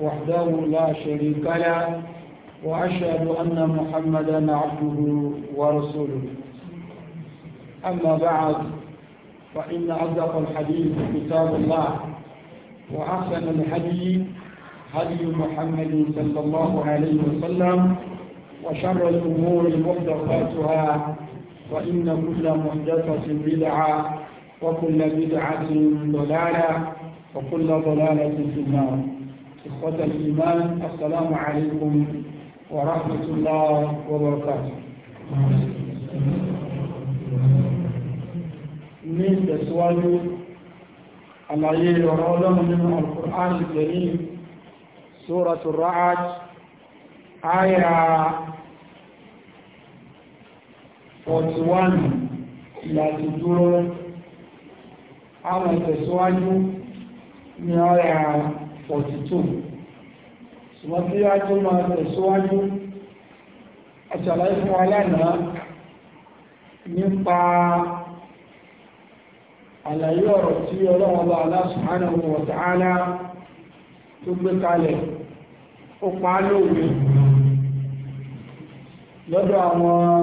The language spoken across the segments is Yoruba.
وحده لا شريك له وأشهد أن محمدا عبده ورسوله أما بعد فإن أصدق الحديث كتاب الله وأحسن الحديث هدي محمد صلى الله عليه وسلم وشر الأمور محدثاتها وإن كل محدثة بدعة وكل بدعة ضلالة وكل ضلالة في النار إخوة الإيمان السلام عليكم ورحمة الله وبركاته ní ìtẹ̀síwájú àlàyé ọ̀rọ̀ ọlọ́run nínú al-Qur'an al-Karim Suratu Ra'd àyà 41 láti dúró àwọn ìtẹ̀síwájú ní àyà 42 ṣùgbọ́n tí a tó máa tẹ̀síwájú àṣàlàyé fún aláìná nípa àlàyé ọ̀rọ̀ tí ọlọ́wọ́n bá Allah subhanahu wa ta'ala tó gbé kalẹ̀ ó pa á lọ́dọ̀ àwọn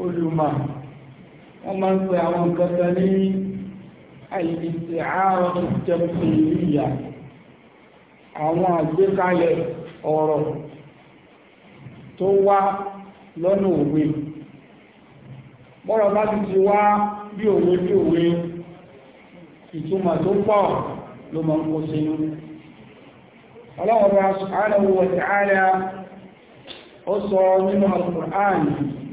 olùmọ̀ wọ́n máa ń pe àwọn nǹkan ní al-isti'ara al-tafsiliyya àwọn àgbékalẹ̀ ọ̀rọ̀ tó wá lọ́nà òwe bọ́rọ̀ bá ti ti wá bí òwe bí òwe ìtumà tó pọ̀ ló mọ̀ ń kó sínú ọlọ́wọ́ subhanahu wa ta'ala ó sọ nínú al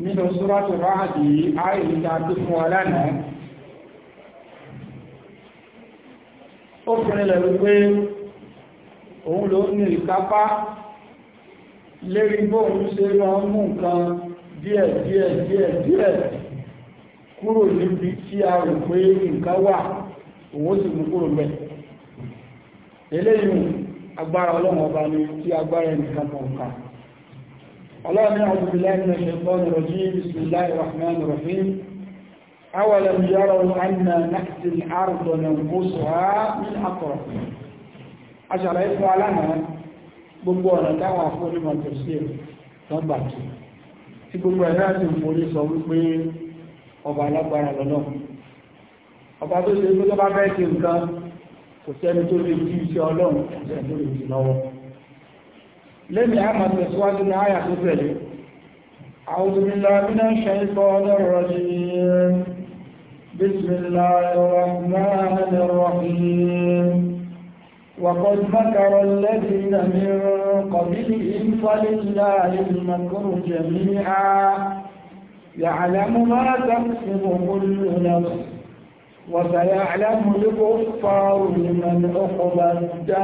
nínú suratu tó fún ó fún ilẹ̀ wípé òun ló ní ìkápá lérí bóun ṣe lọ mú nǹkan díẹ̀ díẹ̀ díẹ̀ díẹ̀ kúrò níbi tí a rò pé nǹkan wà òun ó sì mú kúrò mẹ́ eléyìí agbára ọlọ́run ọba ni tí agbára ẹnìkan kan kà ọlọ́run àwọn obìnrin ní ṣẹ̀kọ́ nìrọ̀jí bismillahir rahmanir rahim awalam yaraw anna na'ti al-ardha nanqusuha min atrafiha aṣàlàyé fún alánàá gbogbo ọ̀nà táwọn afọ́nímọ̀ tẹ̀síẹ̀ lọ́gbà tó tí gbogbo ẹ̀ náà sì mórí sọ wípé ọba alágbára lọ́nà ọba tó ṣe gbogbo bá bẹ́ẹ̀ ṣe nǹkan kò sẹ́ni tó بسم الله وقد مكر الذين من قبلهم فلله المكر جميعا يعلم ما تكسب كل نفس وسيعلم الكفار لمن عقبى الدار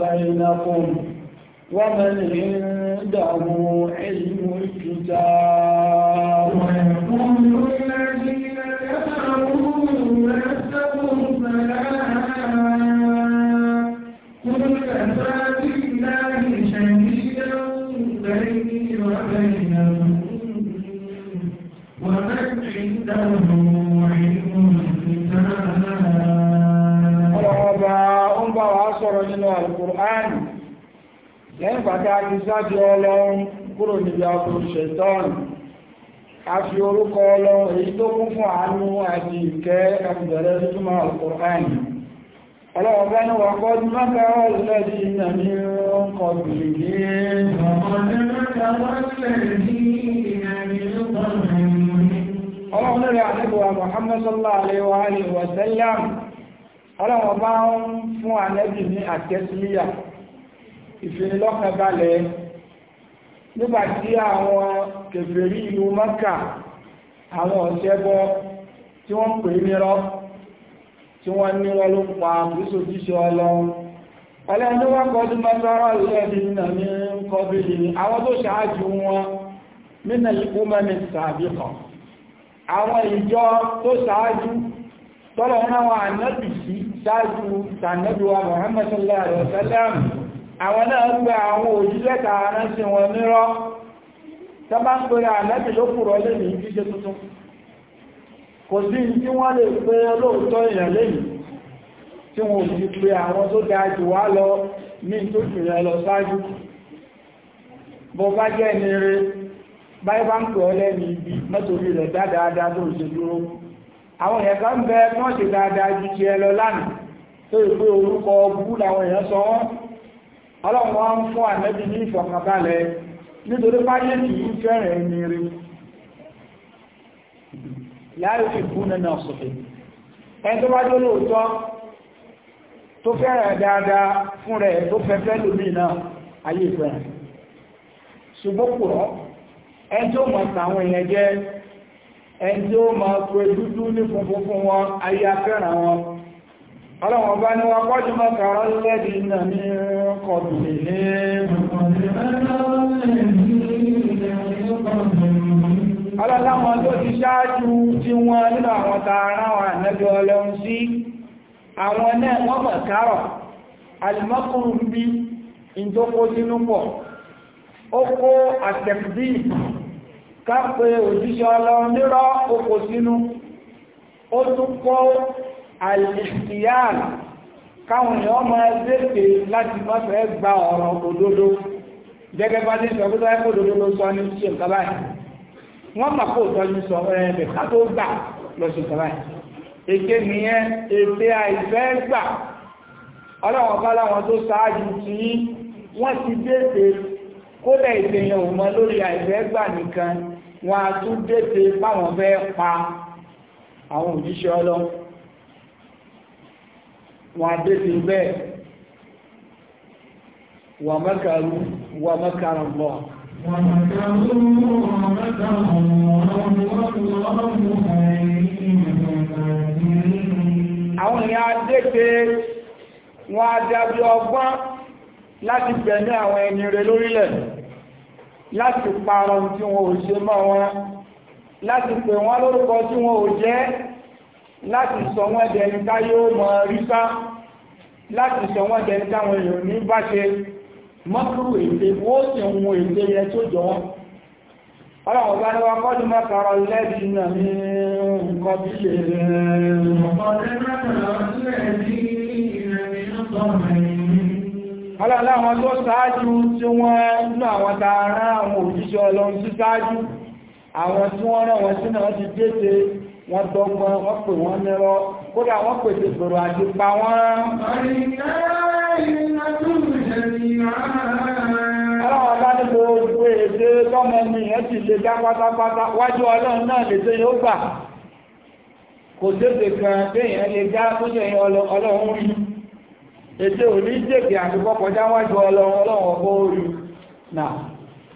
na nwaa dụ ọmụụ a ká ti sájú ọlọ́run kúrò níbi ọkùnrin ṣẹ̀tọ́n a fi orúkọ ọlọ́run èyí tó kún fún àánú àti ìkẹ́ àtìbẹ̀rẹ̀ ọlọ́run ń fún ní ìfinilọ́kànbalẹ̀ nígbàtí àwọn kèfèrí ìlú mọ́kà àwọn ọ̀ṣẹ́bọ tí wọ́n pè nírọ́ tí wọ́n ní wọ́n ló pa àkúsò jíṣẹ́ ọlọ́run ọlẹ́ni wọ́n kọjú mọ́sára ìlẹ́bí nà ní kọbílì àwọn tó ṣáájú wọn nínú ìkúmẹ́ni tàbí kan àwọn ìjọ tó ṣáájú tọ́lọ̀ náwọn ànábì sí ṣáájú tànábì wa Muhammad àwọn náà gba àwọn òjíṣẹ́ tààrà sí wọn nírọ́ tó bá ń pèrè àlẹ́bì ló kùrọ̀ lẹ́nì ìjíṣẹ́ tuntun kò sí tí wọ́n lè pé lóòótọ́ èèyàn lẹ́yìn tí wọ́n ò sì pé àwọn tó dáa jù wá lọ ní tó jùlọ lọ ṣáájú bó bá jẹ́ ní rẹ̀ báyìí bá ń pè ọ lẹ́nu ibi mẹ́tòrí rẹ̀ dáadáa tó ṣe dúró àwọn èèyàn ẹ lọ lánàá ọlọ́run wá fún ànẹ́bí ní ìfọ̀kànbalẹ̀ nítorí fáyé kìí fẹ́rẹ̀ ẹni rí láàrín fi kú nínú ọ̀sọ̀fẹ́ ẹni tó bá jọ lóòótọ́ tó fẹ́rẹ̀ dáadáa fún rẹ̀ tó fẹ́fẹ́ lómi náà ayé ìfẹ́rẹ̀ ṣùgbọ́n pùrọ́ ẹni tó mọ̀ sàwọn èèyàn jẹ́ ẹni tó mọ̀ pẹ̀lú dúdú ní funfun fún wọn ayé afẹ́ràn wọn ọlọ́wọ̀n bá ní wọ́n pọ́jú mọ́ta lẹ́bí iná ní kọ̀dù alìsíyàn káwọn èèyàn máa lépe láti má fẹ́ gba ọ̀rọ̀ òdodo gẹ́gẹ́ bá ní sọ pé tó òdodo ló sọ ní ṣe nǹkan báyìí wọ́n mà kó tọ́jú sọ ẹ̀ẹ́dẹ̀ ká tó gbà lọ sí nǹkan báyìí èké nìyẹn ètè àìfẹ́ gbà ọlọ́wọ́n bá láwọn tó ṣáájú tí wọ́n ti dẹ́tẹ̀ kódà ìdèyàn ò mọ lórí àìfẹ́ gbà nìkan wọ́n a tún dẹ́tẹ̀ báwọn fẹ́ pa àwọn òjíṣẹ́ ọlọ́run wọn adéṣe bẹ́ẹ̀ wà mẹ́kàrú wà mẹ́kàrún bọ̀. àwọn èèyàn adéṣe wọn adábí ọgbọ́n láti gbẹ̀mí àwọn ẹni rẹ̀ lórílẹ̀ láti parọ́ tí wọn ò ṣe mọ́ wọn láti pè wọ́n lórúkọ tí wọn ò jẹ́ láti sọ wọ́n dẹni ká yóò mọ̀ rí láti sọ wọ́n dẹni káwọn èèyàn ní bá ṣe mọ́kúrú èdè wó sì ń èdè yẹ tó jọ wọ́n ọlọ́wọ́n bá ní wá kọ́dún mẹ́kàrọ lẹ́bí náà ní nǹkan bí lè ọlọ́wọ́n tó ṣáájú tí wọ́n nú àwọn tààrà àwọn òjíṣẹ́ ọlọ́run sí ṣáájú àwọn tí wọ́n rán wọn sínú ọdún wọ́n dọ́gbọ́n wọ́n pè wọ́n nírọ́ kódà wọ́n pèsè gbòrò àti pa wọ́n. ọlọ́run ọba ní gbogbo èdè tọ́mọ mi yẹn ti lè dá pátápátá wájú ọlọ́run náà lè tẹ́ yóò gbà kò dédé kan téèyàn lè dá tó yẹ ọlọ́run rí èdè ò ní jèkè àti kọ́kọ́já wájú ọlọ́run ọlọ́run ọgbọ́n rí náà.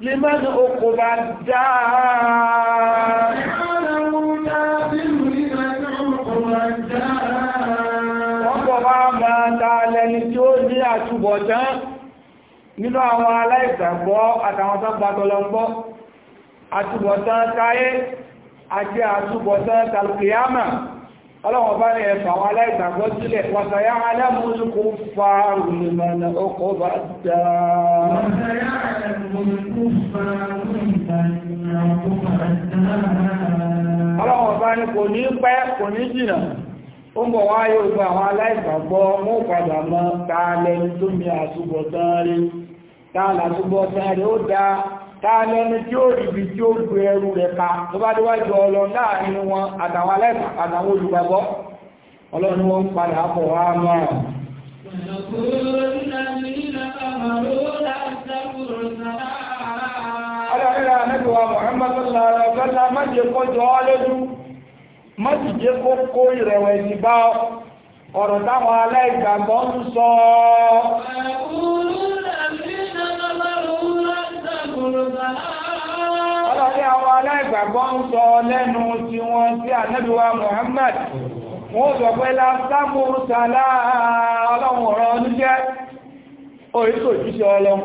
لمن أقبى الدار àtúbọ̀tán nínú àwọn aláìsàgbọ́ àtàwọn sọ́gbàtọ̀lọ́gbọ́ àtúbọ̀tán táyé àti àtúbọ̀tán tàlùkìyàmà ọlọ́wọ̀n bá ní ẹ̀fà àwọn aláìgbàgbọ́ sílẹ̀ wàtàyà alámúlùkù fa rùlùmọ̀nà ọkọ̀ bá dáa ọlọ́wọ̀n bá ní kò ní pẹ́ kò mú padà mọ́ tààlẹ̀ tó mi àtúbọ̀tán rí tààlẹ́ni tí ó bí tí ó gbé ẹrù rẹ̀ ká tó bá déwájú ọlọ láàrin wọn àtàwọn alẹ́sàn àtàwọn olùgbàgbọ́ ọlọ́ni wọn ń padà wá mọ́ má jẹ kó jọ ọ́ lójú, má sì jẹ kó kó ìrẹ̀wẹ̀sì bá ọ̀rọ̀ táwọn ń sọ ọ́. ọlọ́dẹ àwọn aláìgbàgbọ́ ń sọ lẹ́nu tí wọ́n sí ànábíwá Muhammad wọ́n sọ pé lásámúrútàlá ọlọ́run ọ̀rọ̀ ọdún jíṣẹ́ ọlọ́run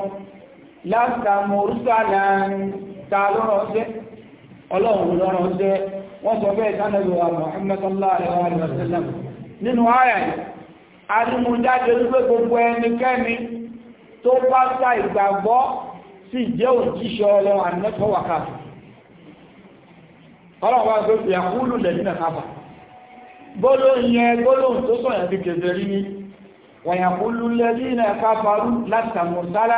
lásámúrútàlá ta lọ́rọ̀ ọlọ́run lọ́rọ̀ wọ́n sọ sí ìjẹ́ òjíṣẹ́ ọlọ́run ànẹ́kọ́ wà káàkiri ọlọ́run wá gbé ìyàkúlù lẹ́nà káàkiri gbólóhùn yẹn gbólóhùn tó sọ̀yàn ti kèfè rí ni wàyàkúlù lẹ́nà káàkiri láti àmùsálá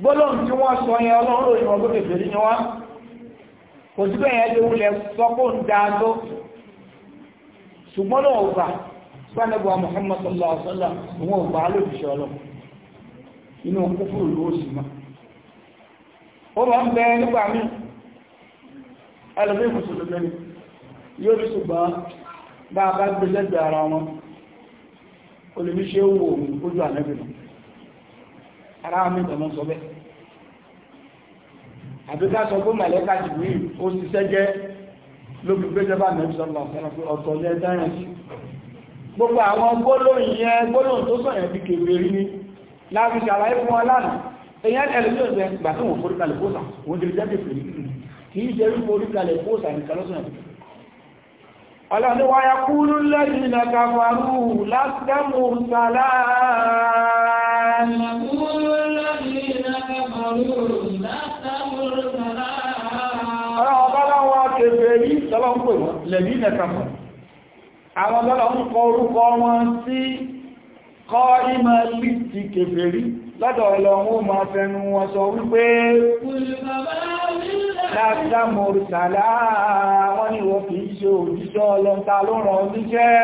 gbólóhùn tí wọ́n sọ yẹn ọlọ́run ròyìn wọn kèfè rí ni wọ́n kò sí bẹ́ẹ̀ yẹn léwu lẹ inú kúfúrú ló sì ó máa ń bẹ nígbà mí ẹlòmí mùsùlùmí ni yóò rí ṣùgbọ́n bá a bá gbé lẹ́gbẹ̀ẹ́ ara wọn olùmíṣẹ́ wò ní ojú ànẹ́bìnrin ara mi tọ̀mọ́ sọ bẹ́ẹ̀ àbíká sọ pé màlẹ́kà jìbìrì ó ṣiṣẹ́ jẹ́ lóbi gbéjọba nẹ́bìsọ́lọ̀ ọ̀sán pé ọ̀tọ̀ ní ẹ̀dá yẹn sí gbogbo àwọn gbólóhùn yẹn gbólóhùn tó sọ̀yẹ̀ bí kèbèrè ní láàrín ṣàlàyé fún wa èyàn ẹlẹ́mí ò bẹ́ẹ̀ gbà tó wọ́n forí kalẹ̀ fóòsà wọ́n jẹ́ jáde fèrè kì í jẹ́ forí kalẹ̀ fóòsà ní kalọ́sùn ẹ̀dẹ̀ ọlọ́niwáyá kúrú lẹ́yìn na kàfàrú lásìdámù sàláàrín àwọn ọlọ́run kọ orúkọ wọn sí kọ́ ìmọ̀ lítì kèfèrí lọ́dọ̀ ọlọ́run ó máa fẹnu wọn sọ wípé láàrídá mọ̀rùsàlá wọ́n ní wọ́n kìí ṣe òjíṣẹ́ ọlọ́ta ló ràn ọdún jẹ́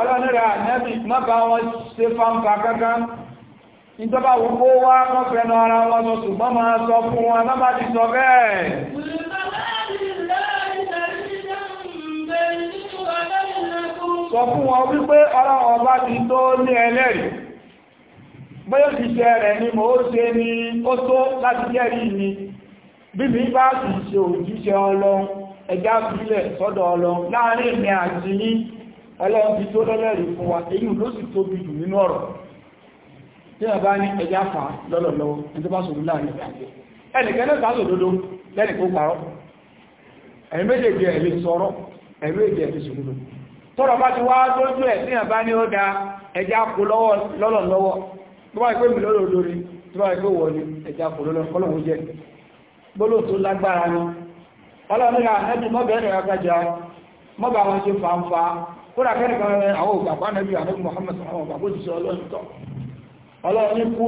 ọlọ́nira nẹ́bì má bá wọn ṣe fáńfà kankan ìjọba wùgbó wá kọ́fẹ́ náà ara wọn sọ ṣùgbọ́n máa sọ fún wọn lábàtí sọ bẹ́ẹ̀ sọ fún wọn wípé ọ̀rọ̀ ọba ti tó ní ẹlẹ́rìí bóyá ti ṣe rẹ̀ ni mo ó ṣe ni ó tó láti jẹ́rìí mi bí mi bá sì ṣe òjíṣẹ́ ọlọ́run ẹ̀dá sílẹ̀ sọ́dọ̀ ọlọ́run láàrin ìmì àti ní ọlọ́run ti tó lẹ́lẹ́rìí fún wa tọ́rọ bá ti wá lójú ẹ̀ sí àbá ní ó da ẹja kò lọ́lọ́ lọ́wọ́ tó bá ìpé mi lọ́lọ́ lórí tó bá ìpé wọ̀ ni ẹja kò lọ́lọ́ kọ́lọ́wọ́ jẹ́ gbólò tó lágbára ni ọlọ́nira ẹbí mọ́bẹ̀ẹ́rẹ̀ agájá mọ́bà wọn ṣe kan rẹ̀ àwọn ògbàgbà Muhammad sọ̀rọ̀ ògbàgbà òṣìṣẹ́ ọlọ́run tọ̀ ọlọ́run ní kú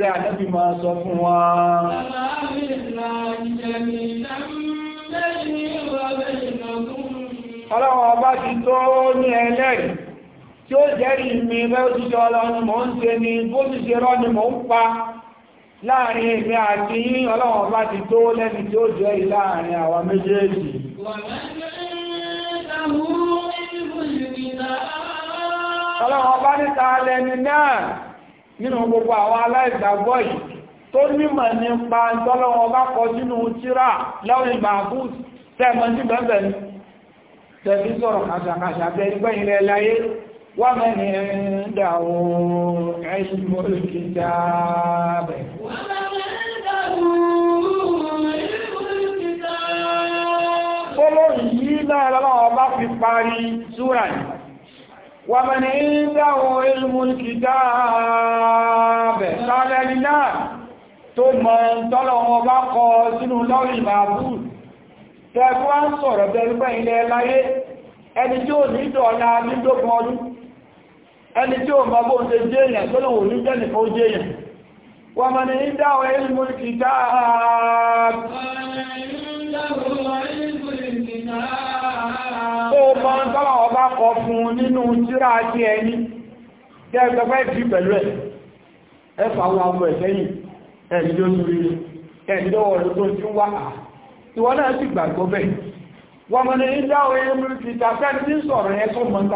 rẹ̀ àdébì máa ọlọ́wọ́ ọba ti tó ní ẹlẹ́rìí tí ó jẹ́rìí mi mẹ́rìndínlẹ́ ọlọ́ni mò ń ṣe ni bó ti ṣe rọ́ ni mò ń pa láàrin èmi àti yín ọlọ́wọ́ ọba ti tó lẹ́ni tí ó jẹ́rìí láàrin àwa méjèèjì ọlọ́wọ́ nínú gbogbo àwọn aláìgbàgbọ́ yìí tó nímọ̀ nípa ìtọ́lọ́wọ́ ọba kọ sínú tíra lọ́rin bàbú tẹ́mọ̀ sí bẹ́ẹ̀ tẹ̀bí sọ̀rọ̀ kàṣàkàṣà bẹ́ẹ̀ gbẹ̀yìn rẹ̀ láyé wà mẹ́ni ẹ̀ndà ohun ẹ̀ṣùn mọ́lùkì dáàbẹ̀ wà mẹ́ni ẹ̀ndà ohun ẹ̀ṣùn mọ́lùkì dáàbẹ̀ tó mọ̀ tọ́lọ̀ wọn bá kọ sínú lọ́rìn màbúrù tẹ́ẹ̀kú wá ń sọ̀rọ̀ bẹ̀rúgbẹ́ ilẹ̀ láyé ẹni tí ó ní dọ̀ọ̀lá nídógún ọdún ẹni tí ó mọ́gbó ń ṣe jẹ́yàn tó lòun ní jẹ́ nìkan ó jẹ́yàn wọ́n mọ́ ni dáwọ̀ ilmù kìtàb ó mọ́ ń tọ́wọ́ ọba kọ fún nínú tírà àti ẹni tẹ́ẹ̀kọ́fẹ́ fi pẹ̀lú ẹ̀ ẹ̀fà àwọn ọmọ ẹ̀sẹ́yìn ìwọ náà sì gbàgbọ́ bẹ́ẹ̀ wọ́n mọ̀ ní ìdáwọ̀ ẹ̀mú ìta fẹ́ni tí sọ̀rọ̀ yẹn tó mọ̀ ń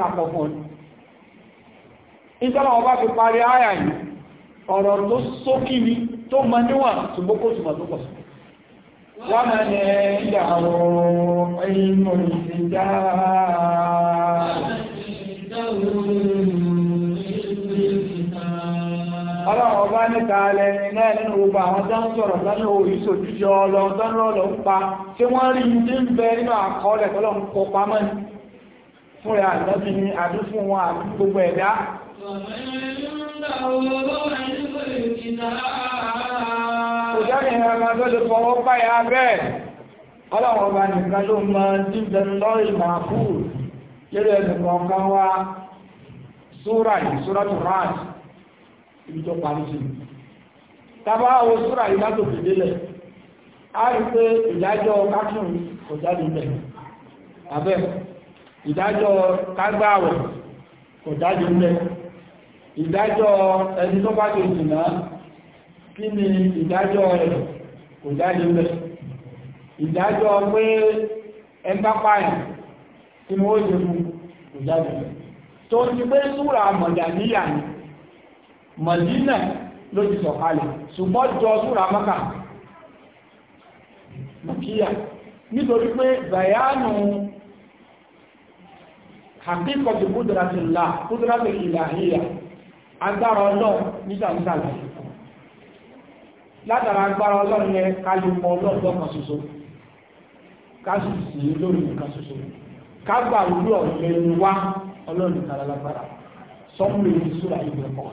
ta ọba fi parí àyà yìí ọ̀rọ̀ tó sókí tó mọ̀ níwà túnmọ̀ tó pọ̀ sí ọba ní níta lẹ́ni náà n'ụba àwọn tó sọ̀rọ̀ lọ́nà òyìnbó jíjọ ọlọ́run ń pa tí wọ́n rí ní ń nínú àkọọ́lẹ̀ tó lọ́n ni gbogbo ibi tó parí sí tàbá wo súra yìí látò fìdí lẹ̀ a rí pé ìdájọ́ kákùn kò jáde lẹ̀ abẹ́ ìdájọ́ kágbáwọ̀ kò jáde lẹ̀ ìdájọ́ ẹni tó bá ti ìsìnà kí ni ìdájọ́ rẹ̀ kò jáde lẹ̀ ìdájọ́ pé ẹgbá pààyàn tí mo ó ṣe fún kò jáde lẹ̀ tó ti pé súra mọ̀jà ni Mọ̀dínà ló ti sọ̀kalẹ̀ ṣùgbọ́n jọ súra Mákà Màkíyà nítorí pé bayanu hakikatu kudratillah kudratil ilahiyya agbára ọlọ́run nítàmítàlá látara agbára ọlọ́run yẹ kalùmọ̀ ọlọ́run kan ṣoṣo kásì sí lórí nǹkan ṣoṣo kágbà wúlò ọ̀gbẹ̀rún wá ọlọ́run kan lálágbára sọ́mùlẹ̀ ìṣúra ìgbẹ̀kọ̀ọ́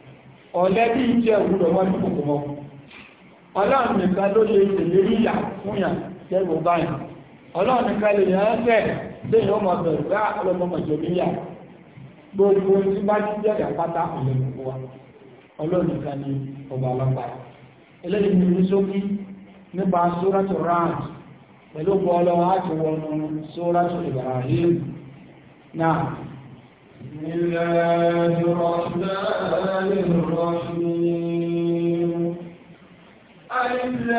ọ̀lẹ́bí jẹ́ òwúrọ̀ wọ́n ní kòkò mọ́ ọlọ́run nìkan ló lè jẹ́rù báyìí ọlọ́run nìkan lè yàn ẹ́fẹ́ lẹ́yìn ọmọ bẹ̀rù bá ah, ọlọ́mọ gbogbo tí bá ti jẹ́ ìyàpátá wa ọlọ́run nìkan ni ọba sókí nípa sóràtò pẹ̀lú wọnú sóràtò náà بسم الله الرحمن الرحيم ألف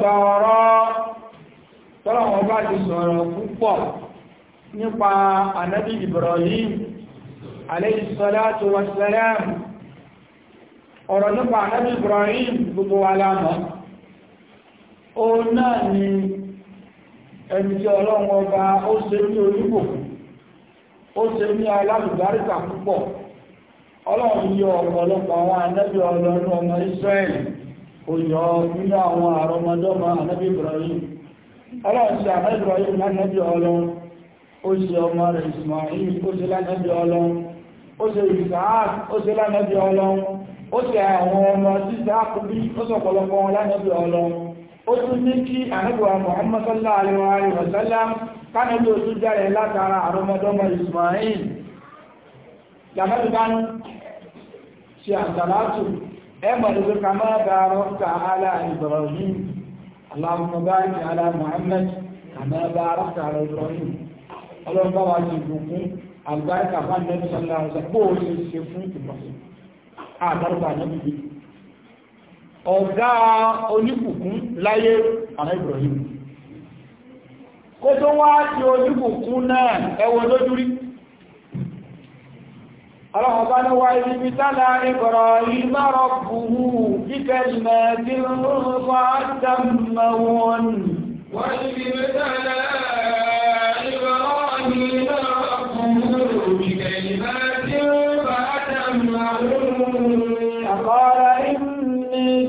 ọ̀rọ̀ tọ́lọ̀ wọn bá ti sọ̀rọ̀ púpọ̀ nípa ànábì Ibrahim alayhi salatu ọ̀rọ̀ nípa ànábì Ibrahim gbogbo wa lánà ó náà ni ẹni tí ọlọ́run ọba ó ní òyọ́ nínú àwọn àrọmọdọ́mọ ànábì Ibrahim Ibrahim lánàbí ọlọ́run ó ṣe ọmọ rẹ̀ Ismail ó ṣe lánàbí ó ṣe Isaac ó ṣe ó ṣe àwọn ọmọ sísá kúbí ó ó tún ẹgbà lórí kama barakta ala ibrahim allahumma barik ala muhammad kama barakta ala ibrahim ọlọ́run bá wà ní ìbùkún àgbáríkà bá ní ẹbí sọ́lá ọ̀sẹ̀ bó o ṣe ṣe fún ìbọ̀sẹ̀ àdárúbà رهبان وعلمت على إبراهيم ربه بكلمات رضا تمهن وعلمت إبراهيم ربه بكلمات رضا تمهن إني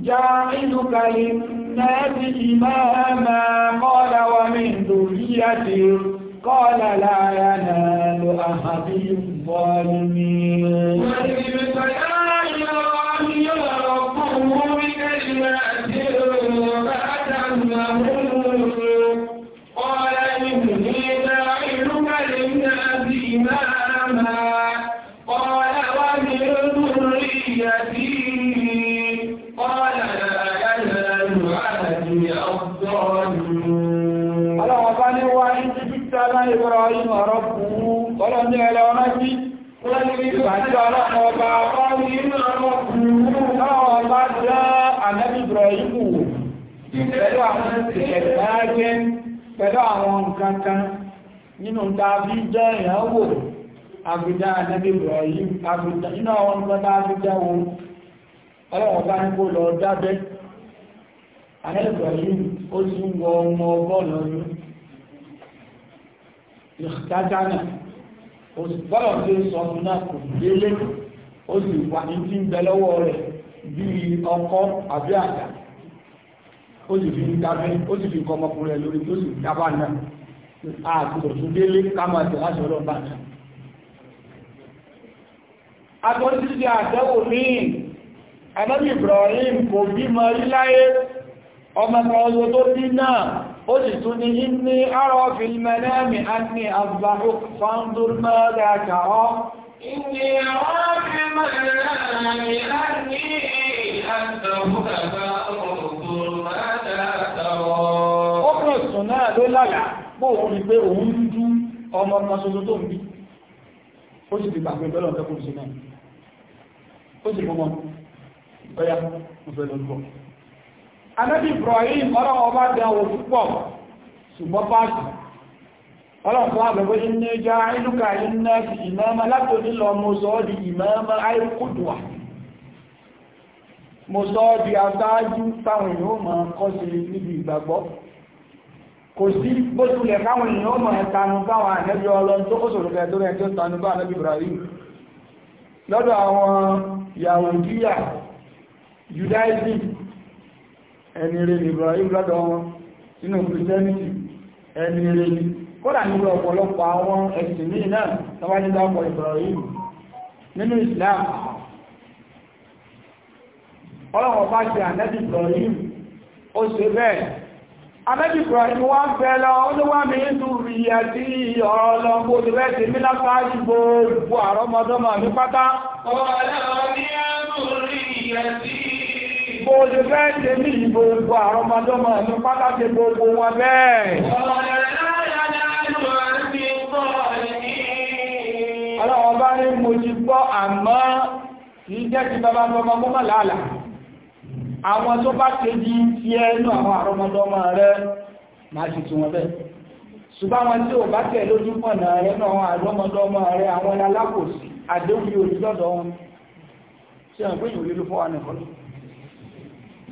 جاعلك للناس إماما قال ومن ذريتي قال لا ينال أحدهم الظالمين ọlọ́run ní ẹlẹ́ọ̀rán sí Ìbàjẹ́ ọlọ́run ọba ọmọ inú ọmọ òkúrú náà ọba jẹ́ àmẹ́bìbìrọ̀ ìkù pẹ̀lú àwọn ìṣẹ̀lẹ̀ pẹ̀lú àwọn nǹkan kan nínú tàbí jẹ́ ìyàwó àbújá àmẹ́bìbìrọ̀ yìí àbújá iná àwọn nǹkan tàbí jẹ́ wọn ọlọ́run ọba ní kó lọ dábẹ́ àmẹ́bìbìrọ̀ ó ti ń wọ ọmọ ọgọ́rùn-ún bọ́lọ̀ tí ó sọ fún náà kò délé ó sì wà ní tí ń bẹ lọ́wọ́ rẹ̀ bí ọkọ́ àbí àdá ó sì fi ń dábẹ́ ó sì fi kọmọkùnrin ẹ̀ lórí tó sì dábà náà àkùrọ̀ tún délé ká máa tẹ̀ láti ọlọ́ba náà àtọ́síṣe àtẹ́wò ní ẹ̀mọ́bí Ibrahim kò bí rí láyé ọmọ ọmọ tó bí náà ó sì tún ní inni ara fìlmẹ́lẹ́mì anni azbahu fandur mada kàọ́ inni ara fìlmẹ́lẹ́mì anni azbahu fandur mada kàọ́ ó kàn sùn náà ló lálàá bóòun rí pé òun ń ọmọ ọmọ ṣoṣo tó ń bí anábì Ibrahim ọlọ́wọ́ bá dẹ àwọn púpọ̀ ṣùgbọ́n pàṣẹ ọlọ́pọ̀ àbẹ̀wé ní já ìlúkà iná ti ìmọ́mọ́ látòní lọ mo sọ ọ́ di ìmọ́mọ́ àìkúdùwà mo sọ ọ́ di aṣáájú táwọn èèyàn mọ̀ kọ́ sí níbi ìgbàgbọ́ kò sí bó tilẹ̀ káwọn èèyàn mọ̀ ẹ̀tanu báwọn ànẹ́bí ọlọ́run tó kó Judaism ẹni rẹ̀ Ibrahim lọ́dọ̀ wọn sínú Christianity ẹni rẹ̀ kódà nínú ọ̀pọ̀lọpọ̀ àwọn ẹ̀sìn ní náà tọ́wájídá ọ̀pọ̀ Ibrahim nínú Islam ọlọ́wọ̀ bá ṣe ànẹ́bì Ibrahim ó ṣe bẹ́ẹ̀ ànẹ́bì Ibrahim wá ń bẹ́ lọ ó ní wá mi ń tún rí àti ọ̀rọ̀ lọ bó ti mí Bó ṣe fẹ́ ṣe ní ìbò gbogbo àwọn ọmọdọ́mọ ní pátákì gbogbo wọn bẹ́ẹ̀. Ọlọ́wọ́ bá ní mo ti gbọ́ àmọ́ kìí jẹ́ ti bàbá ọmọ mọ́mọ́ làálà. Àwọn tó bá ṣe di ti ẹnu àwọn àrọmọdọ́mọ rẹ̀ máa ṣe ti wọn bẹ́ẹ̀. Ṣùgbọ́n wọn tí ò bá tẹ̀ lójú pọ̀nà rẹ̀ náà àrọmọdọ́mọ rẹ̀ àwọn alákòsí àdéhùn yóò lọ́dọ̀ wọn. Ṣé ọ̀gbẹ́yìn olólùfọ́ wa nìkan lọ́wọ́?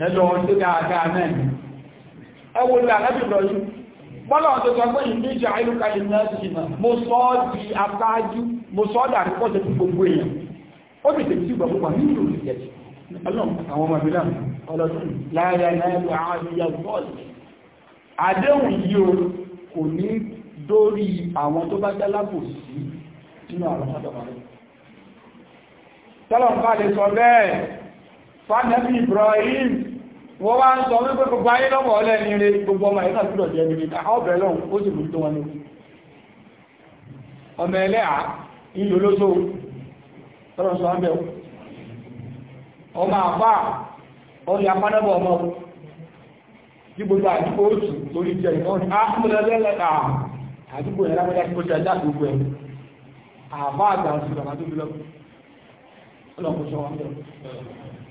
lẹ́lọ tó dáadáa náà ẹwọ lànàbìlọ yìí bọ́lọ̀ tó sọ pé ìlú ìjà ayélúkalẹ̀ náà ti nà mo sọ ọ́ di aṣáájú mo sọ ọ́dà àríkọ́ tó fi gbogbo èèyàn ó bèèrè sí ìgbà púpà ní ìlú ìjẹ́ àwọn ọmọ ìbílẹ̀ ọlọ́dún láyé fánẹ́bí Ibrahim wọ́n wá ń sọ wípé gbogbo ayé lọ́mọ̀ ọlẹ́ ní gbogbo ọmọ ẹ̀ka sílọ̀ jẹ́ níbi ká ọbẹ̀ lọ́hùn ó sì bùrú wọn lókù ọmọ ẹlẹ́à ìlú lóso ọmọ ọlẹ́ apánẹ́bọ̀ ọmọ tí gbogbo àdúgbò oṣù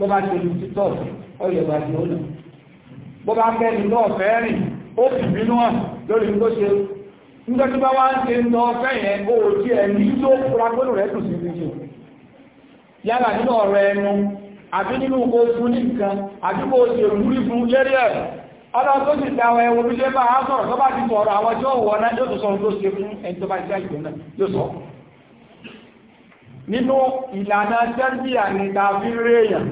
bó bá ṣe lu títọ̀ ọyọ̀ bá ṣe ó bó bá fẹ́ ni lọ́ọ̀ rìn ó sì bínú hàn lórí tó ṣe nígbà tí bá wá ń ṣe lọ fẹ́ yẹn ó ti ẹ̀ ní ló fura gbọ́dọ̀ rẹ̀ dùn ti ṣe yálà nínú ọ̀rọ̀ ẹnu àbí nínú oṣù ní nǹkan àbí bó ṣe wúrí fún lérí ẹ̀ ọlọ́ tó sì da àwọn ẹwọ́n lóṣẹ́ bá a sọ̀rọ̀ tó bá ti sọ̀rọ̀ àwọn tí ó wọ̀ yóò sọ ohun tó ṣe fún ẹni tó bá ti ṣáìpẹ́ náà yóò sọ nínú ìlànà sẹ́ńdíà ní ta fi rí èèyàn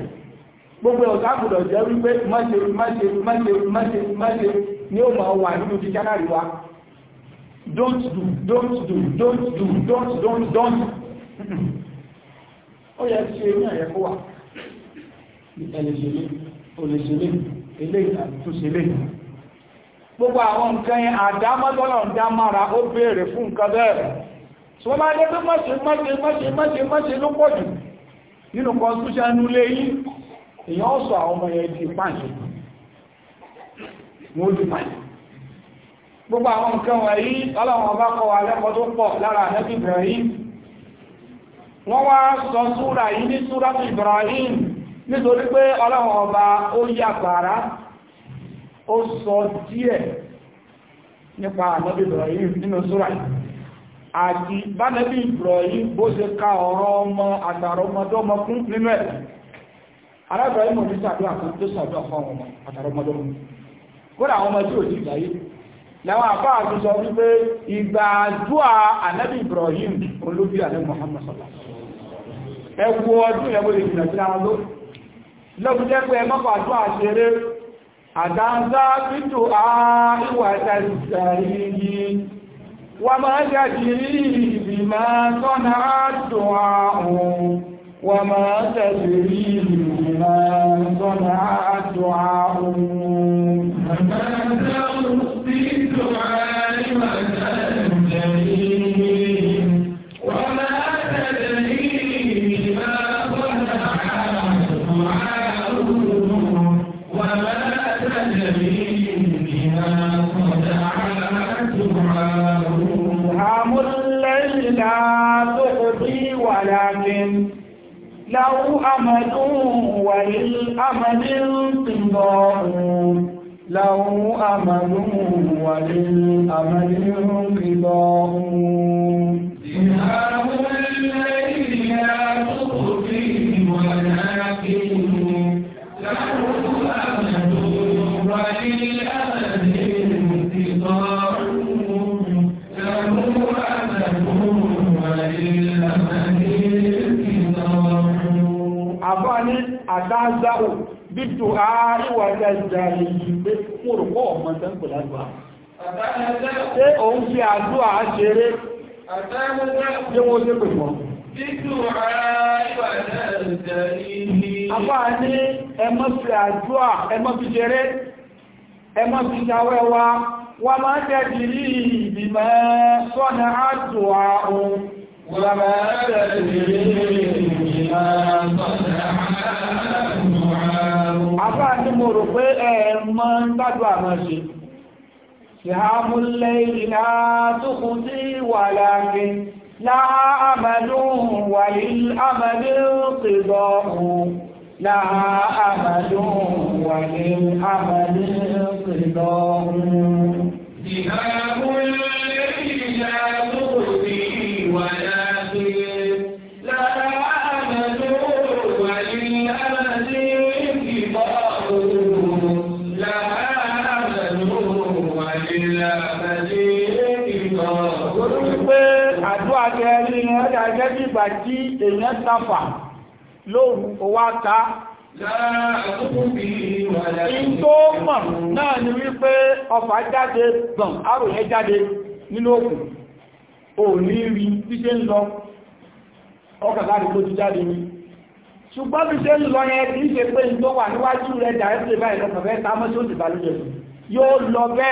gbogbo ọ̀gá gbọ́dọ̀ jẹ́ wípé mọ́ṣe mọ́ṣe mọ́ṣe mọ́ṣe mọ́ṣe ni ó máa wà nínú ti jákàrí wa don't do don't do don't do don't don't don't ó yẹ ṣe ní àyẹ̀kọ́ wà ẹlẹ́ṣẹ̀lẹ́ olèṣẹ̀lẹ́ ilé àtúnṣẹlẹ́ gbogbo àwọn nǹkan yẹn àdámọ́tọ́lọ̀ ń dámára ó béèrè fún nǹkan bẹ́ẹ̀ tí wọ́n bá dé pé mọ́ṣe mọ́ṣe mọ́ṣe mọ́ṣe ló pọ̀ jù nínú constitution nulẹ̀ yìí èyàn sọ àwọn ọmọ yẹn di pàǹtì wọ́n di pàǹtì gbogbo àwọn nǹkan wọ̀nyí ọlọ́wọ́n bá kọ́ wa lẹ́kọ́ tó pọ̀ lára àdẹ́bí Ibrahim wọ́n wá sọ súra yìí ní súra tó Ibrahim nítorí pé ọlọ́wọ́n ọba ó yà pàrá ó sọ díẹ̀ nípa àdẹ́bí Ibrahim nínú súra yìí àti Ibrahim bó ṣe ka ọ̀rọ̀ ọmọ àtàrọmọdọ́mọkún nínú arábìnrin mọ̀ ní sàdúrà kan tó sàdúrà fún àwọn ọmọ àtàrà ọmọdé mú kódà àwọn ọmọ tí ò sí ìdáyé làwọn àbá àti sọ wípé ìgbà àdúrà ànábì Ibrahim olóbi àlẹ́ Muhammad sọ̀lá ẹ wo ọdún ìyàwó lè jìnà sí àwọn ló lọ́gbọ́n jẹ́ pé ẹ mọ́kọ̀ àdúrà ṣeré àdáńsá pító àìwà ìtàrí wà máa jáde rí ìbìmọ̀ sọ́nà àdùn àwọn وما تدري لمن صنع دعاء أمد وللأمد انقضاء له أمد وللأمد انقضاء tanazahu bid-du'a ìwà ìdájà èyí pé kúrò pọ̀ ọmọ tẹ́ ń pè lágbà ṣé òun fi àdúrà ṣeré ṣé wọ́n ṣe pè mọ́ Àbá ní ẹmọ́ fi àdúrà, wa, wà máa ń tẹ́jì rí ìbìmọ̀ sọ́nà àdúrà ohun, wà máa ń tẹ́jì rí ìbìmọ̀ sọ́nà àdúrà àbá ní mo rò pé ẹ̀ẹ̀mọ́ ń dájú àmọ́ ṣe ṣìhámúlẹ̀ ìlà tókùn sí wà láàrin láà wà ní àmàlùn pẹ̀lọ́ láà àmàlùn wà ní àmàlùn pẹ̀lọ́ ṣìhámúlẹ̀ ìlà bí ìgbà tí èèyàn tàfà lóòrù owó ata in tó mọ̀ náà ni wípé ọfà jáde gbọ̀n àròyẹ jáde nínú òkun ò ní rí bí ṣe ń lọ ọkàtàrí tó ti jáde ní ṣùgbọ́n bí ṣe ń lọ yẹn kìí ṣe pé in tó wà níwájú rẹ̀ jà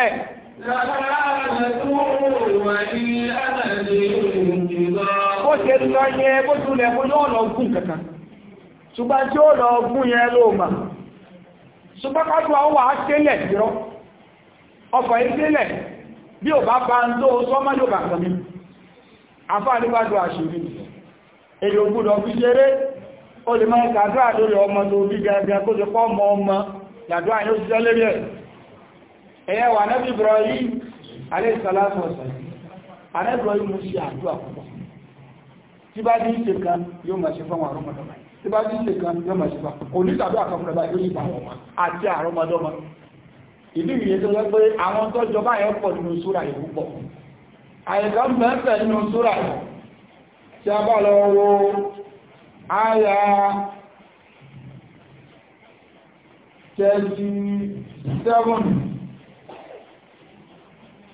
ẹ́ Bó ṣe lọ yẹ bó fún yóò lọ gùn kankan. Ṣùgbọ́n tí ó lọ gùn yẹ ló mà. Ṣùgbọ́n kájúwà ó wà á tẹ́lẹ̀ ìrọ́. Ọkọ̀ ìtẹ́lẹ̀ bí ò bá bá ń tó sọ́mọ́ yóò bà kàn mí. Àfáà nígbàjú àṣírí. Èrè ògbúdọ̀ fi ṣeré, ẹ̀yẹ wà náà Ibrahim aléìsàlámù ọ̀sán ààrẹ Ibrahim ṣe àdúrà púpọ̀ tí bá dín ṣe kan yóò máa ṣe fáwọn àrọ́mọdọ́mọ tí bá dín ṣe kan yóò máa ṣe fáwọn onítàdó àkọkùnrin bá yóò ṣe fáwọn ọmọ àti àrọ́mọdọ́mọ ìlú ìyẹn tó yìí púpọ̀ tí a bá lọ wo àyà 37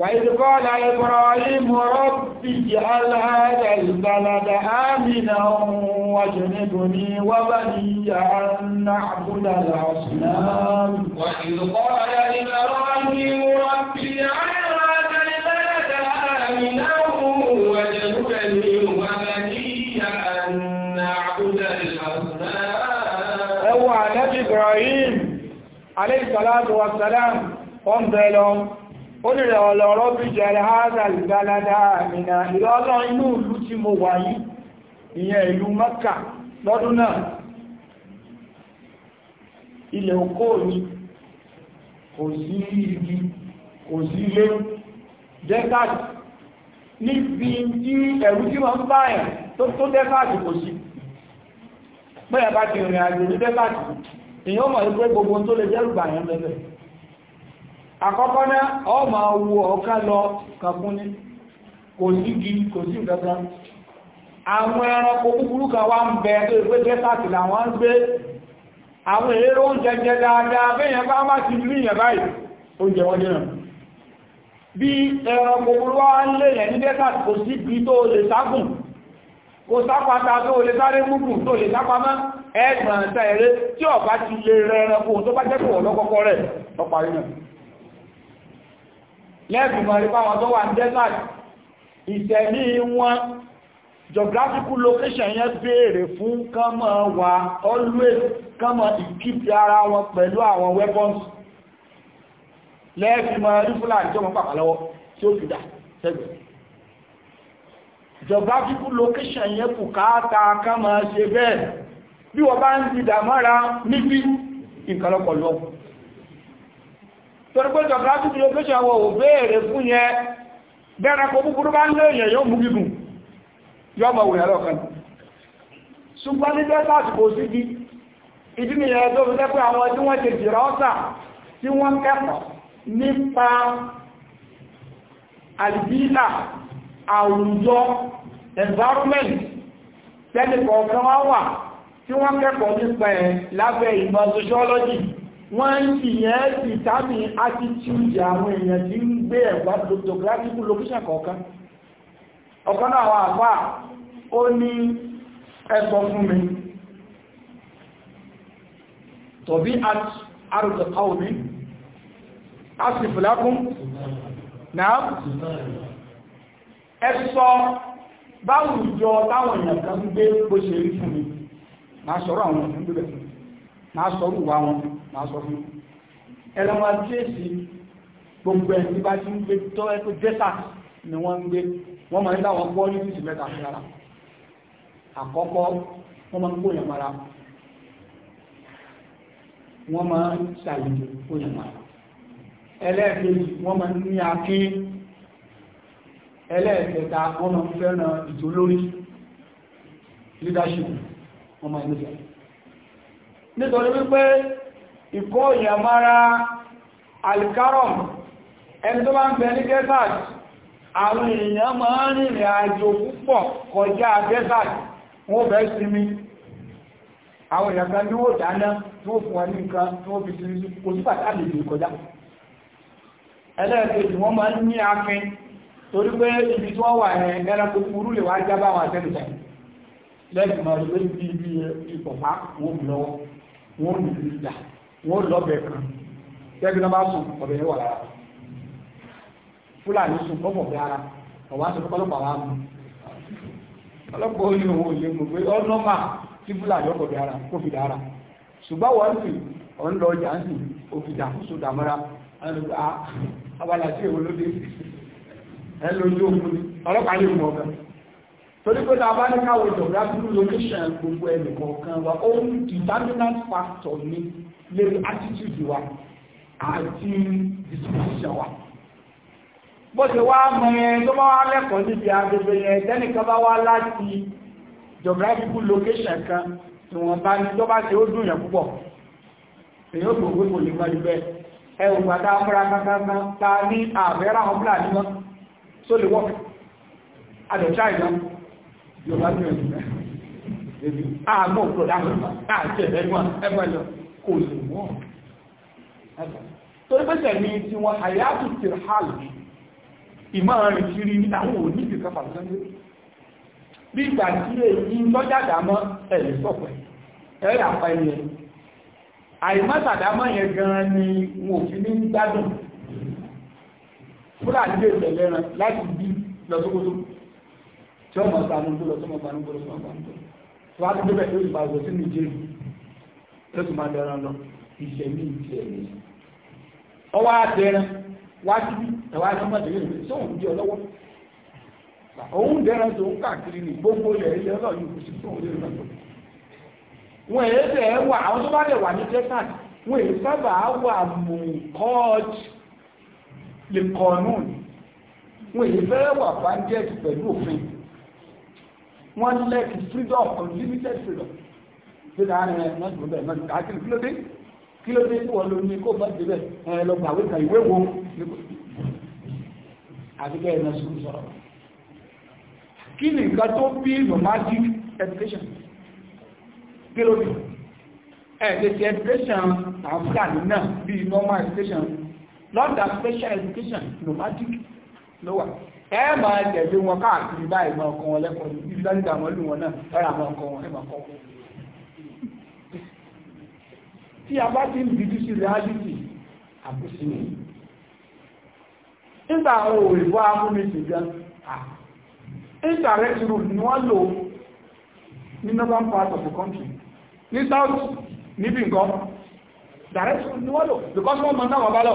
وإذ قال إبراهيم رب اجعل هذا البلد آمنا واجنبني وبني أن نعبد الأصنام وإذ قال إبراهيم رب اجعل هذا البلد آمنا واجنبني وبني أن نعبد الأصنام هو نبي إبراهيم عليه الصلاة والسلام قم بلهم ó lè ọ̀lọ̀ rọ́bí jẹ́rẹ̀ hádà ìgbàládà àmìnà ìrọ́lọ́ inú ìlú tí mo wà yí ìyẹn ìlú Mẹ́kà lọ́dún náà ilẹ̀ okó ní kò sí igi kò sí ilé desert níbi tí ẹ̀rù tí wọ́n ń báyàn tó tó desert kò sí bẹ́ẹ̀ bá ti rìn àjò ní desert èyàn mọ̀ gbogbo tó lè jẹ́rù bàyàn bẹ̀rẹ̀ àkọ́kọ́ náà ọ ma wo ọ̀ká lọ kàkúnní kò sígi kò sí ìgbẹ́gbẹ́ àwọn ẹranko wá ń bẹ tó ìgbé jẹ́sàtì làwọn ń gbé àwọn èrò oúnjẹ jẹ dáadáa bẹ́yẹn bá má ti rí ìyẹ̀ báyìí oúnjẹ wọ́n bí ẹranko búburú wá ń lè yẹ̀ ní jẹ́sàtì kò sí bí tó lè ságùn kò sápata tó lè sáré lẹ́ẹ̀kùnmọ̀ rí báwọn tó wà ní desert ìtẹ̀lé wọn geographical location yẹn béèrè fún kánmọ̀ wà always kánmọ̀ ìkíp ara wọn pẹ̀lú àwọn weapons lẹ́ẹ̀kùnmọ̀ rí fúlàní tó mọ́ pàpà lọ́wọ́ tí ó fìdá sẹ́gbẹ̀ geographical location yẹn bùkátà kánmọ̀ ṣe bẹ́ẹ̀ bí wọ́n bá ń dìdà mọ́ra níbi ìkàlọ́pọ̀lọpọ̀ torí pé geographic location wọ òbéèrè fún yẹn bẹ́ẹ̀rẹ̀ kò búburú bá ń lé èèyàn yóò mú gígùn yóò mọ̀ wùyà lọ́kàn ṣùgbọ́n ní bẹ́ẹ̀ láti kò sí bí ìdí nìyẹn tó fi àwọn tí environment tẹ́lẹ̀kọ̀ọ̀kan wá wà tí wọ́n kẹ́kọ̀ọ́ nípa ẹ̀ wọ́n ń yẹn ìtàmì attitude àwọn èèyàn tí ń gbé ẹ̀wà photographical location kọ̀ọ̀kan ọ̀kan náà wà àpá ó ní ẹ̀kọ́ fún mi tọ̀bí àrùdọ̀kọ́ omi a sì fìlákún náà ẹ̀sọ́ báwùjọ táwọn èèyàn kan gbé bó ṣe rí fún mi máa àwọn máa sọ rú wa wọn máa sọ fún ẹ̀rọ wa tírèsì gbogbo ẹ̀ nígbà tí ń gbé tọ́ ẹ̀kọ́ dẹ́sà ni wọ́n ń gbé wọ́n máa ń dáwọn pọ́lísì mẹ́ta sí ara àkọ́kọ́ wọ́n máa ń gbóyàn mara wọ́n máa ń ṣàlejò gbóyàn mara ẹlẹ́ẹ̀kejì wọ́n máa ń ní akín ẹlẹ́ẹ̀kẹta wọ́n máa ń fẹ́ràn ìjólórí leadership wọ́n máa ń nífẹ̀ẹ́ nítorí wípé ìkó ìyàmára alkarom ẹni tó bá ń bẹ desert àwọn èèyàn máa ń rìnrìn àjò púpọ̀ kọjá desert wọ́n bẹ́ sinmi àwọn èèyàn kan ní ó dáná tí fún wọn nǹkan tí fi sinmi kò sí pàtàkì kọjá ẹlẹ́ẹ̀kejì wọ́n ń ní ibi tí wọ́n wà ẹ̀ ẹranko burú lè wá jábá ibi ìpọ̀pá wọ́n lọ́wọ́ wọ́n lù ú dà wọ́n kan tẹ́gbẹ́ náà bá sùn ọ̀bẹ̀ yẹn wà fúlàní sùn kọ́pọ̀ ara ọ̀wá mú ọlọ́pàá ó ní òun òye mọ̀ pé ọ̀nà mà tí fúlàní ọkọ̀ bí ara kó fi dà ṣùgbọ́n wọ́n sì ọ̀n lọ ọjà ń dàmọ́ra ah, òun ọlọ́pàá lè mú torí pé tàbá ní káwọ geographical location gbogbo ẹnì kọ̀ọ̀kan wa ó ń determinant factor ní lórí attitude wa àti disposition wa bó ṣe wá mọ yẹn tó bá wá lẹ́kọ̀ọ́ níbi agbègbè yẹn tẹ́nìkan bá wá láti geographical location kan tí wọ́n bá ní tó bá ṣe ó dùn yẹn púpọ̀ èyí ó gbogbo kò lè gbájú bẹ́ẹ̀ ẹ ò gbàdá múra kankan ta ní àbẹ́rẹ́ àwọn fúlàní náà tó lè wọ́pẹ́ adẹ̀ṣá ìlànà Yorùbá torí pé tẹ̀mí tí wọ́n àyájú ti hàlù ìmọ̀ràn rẹ̀ kiri ní àwọn òní ìgbè kan bí ìgbà tí èyí lọ́jàdà mọ́ ẹ̀rẹ̀ sọ̀pẹ̀ ẹ̀rẹ̀ àpá ẹ̀yẹ àìmọ́sàdámọ́ yẹn gan ni wọn fi ní gbádùn fúlàní tí ó mọ̀ sàánú gbọ́dọ̀ tó mọ̀ sàánú gbọ́dọ̀ tó mọ̀ sàánú gbọ́dọ̀ tó wá dúdú bẹ́ẹ̀ lórí ìbáwò sínú ìjẹ́rù tó tún máa dẹran lọ ìṣẹ̀mí ìṣẹ̀ ẹ̀mí ọwọ́ adẹran wá sí ẹ̀wá ẹ̀fọ́mọ́ tẹ̀lé rẹ̀ sóhun jẹ́ ọlọ́wọ́ òun dẹran tó ń káàkiri ní gbogbo ilẹ̀ ilẹ̀ ọlọ́yìn kò sí fún òun lọ́tọ̀ wọn èyí wà àwọn pẹ̀lú òfin wọ́n lẹ́kì freedom unlimited freedom tí láàrin ẹ̀ mọ́tò bẹ́ẹ̀ mọ́tò àti kílódé kílódé tí wọ́n lò ní kó bá débẹ̀ ẹ lọ gbàwé ka ìwé wo àti bẹ́ẹ̀ náà sùn sọ̀rọ̀ kí ni nǹkan tó bí nomadic education kílódé ẹ̀ lè ṣe education àfúlàní náà bíi normal education lọ́dà special education nomadic ló wà. No ẹ máa tẹ̀lé wọn káàkiri báyìí máa kọ́ wọn lẹ́kọ̀ọ́ ibi láti dàmọ́ lù wọn náà ẹ̀rà máa kọ́ wọn ẹ̀ máa kọ́ wọn. tí a bá ti ń bìdú sí reality àbúsí ni nígbà òwò ìbò amúnisìn gan indirect rule ni wọ́n lò ní northern part of the country ní south níbi nǹkan direct rule ni wọ́n lò because wọ́n mọ náà wọ́n bá lọ.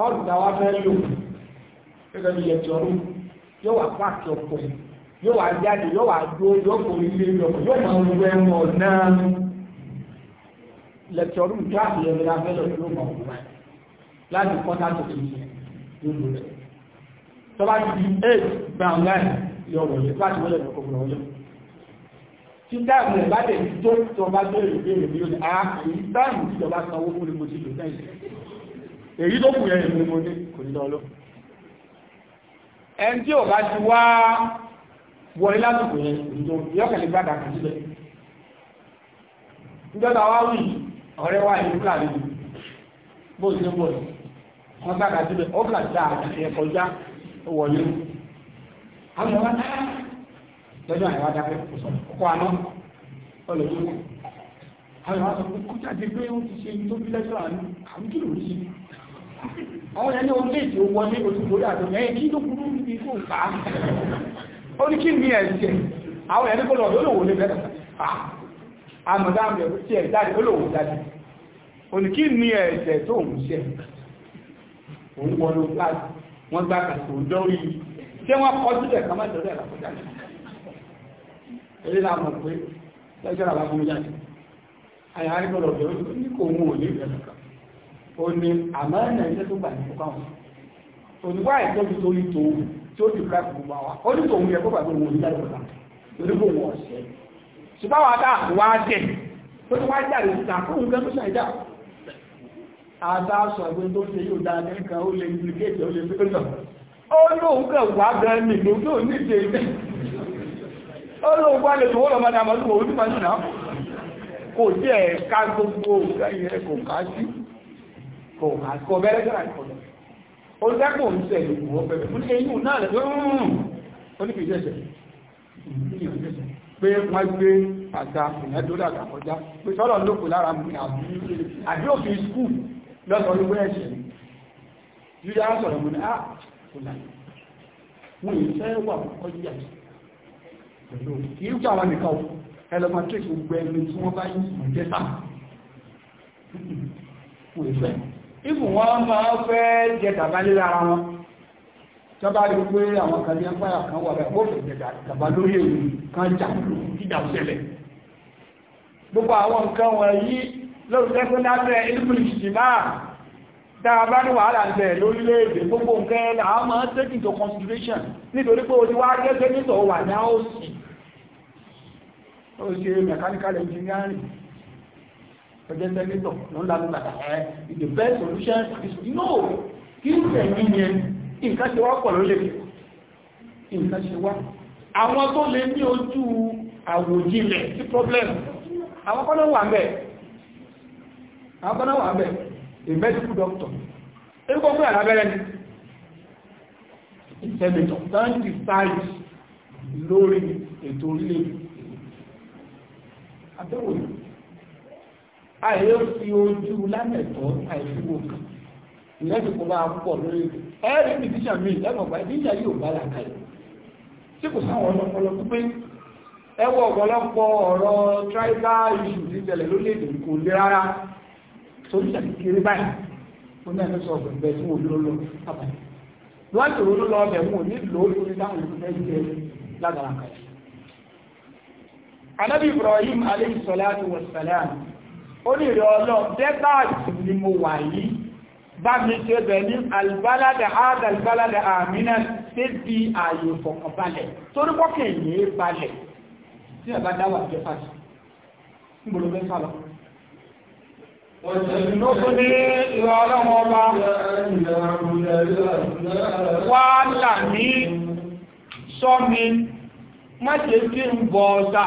họ́ọ̀dù dáwà fẹ́ lò gẹ́gẹ́ bí ẹ̀jọ̀rú yóò wà páàkì ọkọ̀ yóò wà jáde yóò wà dó yóò kò ilé ọkọ̀ yóò máa wọ ẹ̀wọ̀n náà lẹ́tọ̀rú gáàsì ẹ̀rọ abẹ́lẹ̀ ló mọ̀ ọ́ báyìí láti kọ́tà tó ti lóòrò rẹ̀ tó bá ti di 8 brown line yọ wọ̀lẹ̀ láti wọlé ọkọ̀ wọlé tí dáàmù rẹ̀ bá dẹ̀ tó tó bá bẹ̀rẹ̀ bẹ̀rẹ̀ bí ó ní àá ah, èyí tí ìjọba sanwó fún ni mo ti lò náà èyí tó kù yẹn ìlú mo ní kò ní lọ́lọ́ ẹni tí ò bá ti wá wọlé lásìkò yẹn ìjọ yọ́kẹ̀lẹ́ gbádà kò sílẹ̀ níjọba wá wì ọ̀rẹ́ wà ní fúlàní bó dá ẹ̀ kọjá wọlé àwọn ọ̀rẹ́ wá náà lọ́jọ́ àìwá dákẹ́ ọkọ̀ àná ọlọ́dún àwọn ọ̀rẹ́ wá sọ pé kó jáde pé ó ti ṣe tó bí lẹ́sọ̀ àná àmì kí ló àwọn ẹni orí èdè wọlé òtútòrí àtòmẹ́ kí ló kúrú ní kó ń pàá ó ní kí ní ẹ̀jẹ̀ àwọn ẹni kó lọ́dọ̀ olówó lé bẹ́ẹ̀ ah, àmọ̀dá àmì tí ẹ̀ jáde olówó jáde ó ní kí ní ẹ̀jẹ̀ tó ń ṣe òun wọlé láti wọ́n gbá kàtò lórí tí ó ní àmọ́nà ilé tó gbà ní fún káwọn òdìbò àìtọ́jú tó rí tòun tí ó ti ká gbogbo àwa ó ní tòun yẹ kó gbàgbé òun nígbà lọ́la onígbò wọn ọ̀sẹ̀ ṣùgbọ́n wa dá wá jẹ́ tó ti wá jáde síta fún nǹkan tó ṣàìdá àtà sọ ìwé tó ṣe yóò dá nǹkan ó lè implicate ó lè fi kọ́ńtọ̀ ó ni ló tó ní ṣe ilé ó lóun wá lè tó wọ́n lọ́mọdé kò àkọ́ bẹ́rẹ́ sára ìkọlọ̀ ó dákò ń sẹ̀ ló wọ́n pẹ̀lú fún ẹ̀yìn náà lè tó rùn ó ní fìdí hmm. ẹ̀sẹ̀ pé wọ́n gbé àga ìyẹn tó dàgbà kọjá pé sọ́lọ̀ ló kò lára mú àbí òfin skul lọ́sọ̀ ló wẹ́ ẹ̀sẹ̀ yíyá sọ̀rọ̀ mú ní à kò láyé mo yìí fẹ́ wà kọjá pẹ̀lú kì í jà wọn nìkan ẹlọmọtírìkì gbẹ̀mí tí wọ́n bá ìbù wọn máa fẹ́ jẹ tàbá lílá ara wọn tọ́bá rí pé àwọn kan ní ẹgbẹ́ kan wà bẹ́ẹ̀ wọ́n fẹ́ tàbá lórí èyí kan jà ìjà òṣèlẹ̀ gbogbo àwọn nǹkan wọn yí lóòrùn lábẹ́ ìlúmìnìsìmá dáa bá ní wàhálà ń bẹ̀ lórílẹ̀-èdè gbogbo nǹkan ẹ̀lá a máa take into consideration nítorí pé ojú wá gẹ́gẹ́ nítọ̀ wà ní àósì ó ṣe mechanical engineering ọjọ́ sẹ́mítọ̀ ló ń lanú bàtà ẹ́ the best solution is no kí n tẹ̀yìn yẹn nǹkan ṣe wá pọ̀ lólè nǹkan ṣe wá àwọn tó lè ní ojú àwòjìnlẹ̀ sí problem àwọn kọ́nà wà mẹ́ àwọn kọ́nà wà mẹ́ a medical doctor ẹgbọ́n fún àlábẹ́rẹ́ ni ìtẹ́lẹ̀tọ̀ tán ti sáàrì lórí ètò orílẹ̀-èdè àbẹ́wò yìí àìyé fi ojú lánàtọ́ àìfúwò ìrẹ́sì kò máa pọ̀ lórí ẹ̀rí pìtíṣà mi lẹ́gbọ̀gbà ìdíjà yóò bá làkàlẹ̀ tí kò sáwọn ọlọ́pọlọ pípé ẹwọ́ ọ̀pọ̀lọpọ̀ ọ̀rọ̀ tribal issue ti tẹ̀lẹ̀ lórílẹ̀ kò lè rárá solution kékeré báyìí ó ní sọ ọ̀gbẹ̀ bẹ́ẹ̀ tí lọ lọ ọbẹ̀ ní lò ó lórí onírẹ̀ ọlọ́run dẹ́gbàtì ni mo wà yìí bá mi ṣe bẹ̀ ní albalada hada albalada amina ṣe bí ààyè ìfọ̀kànbalẹ̀ torí pọ́kẹ̀ ní balẹ̀ tí ẹ̀bá dáwà jẹ́ fàṣì nígbòrò bẹ́ sálọ Òṣèlú ní ìwà ọlọ́run ọba wà láàní sọ́mi, má ṣe kí ń bọ̀ ọ̀dá.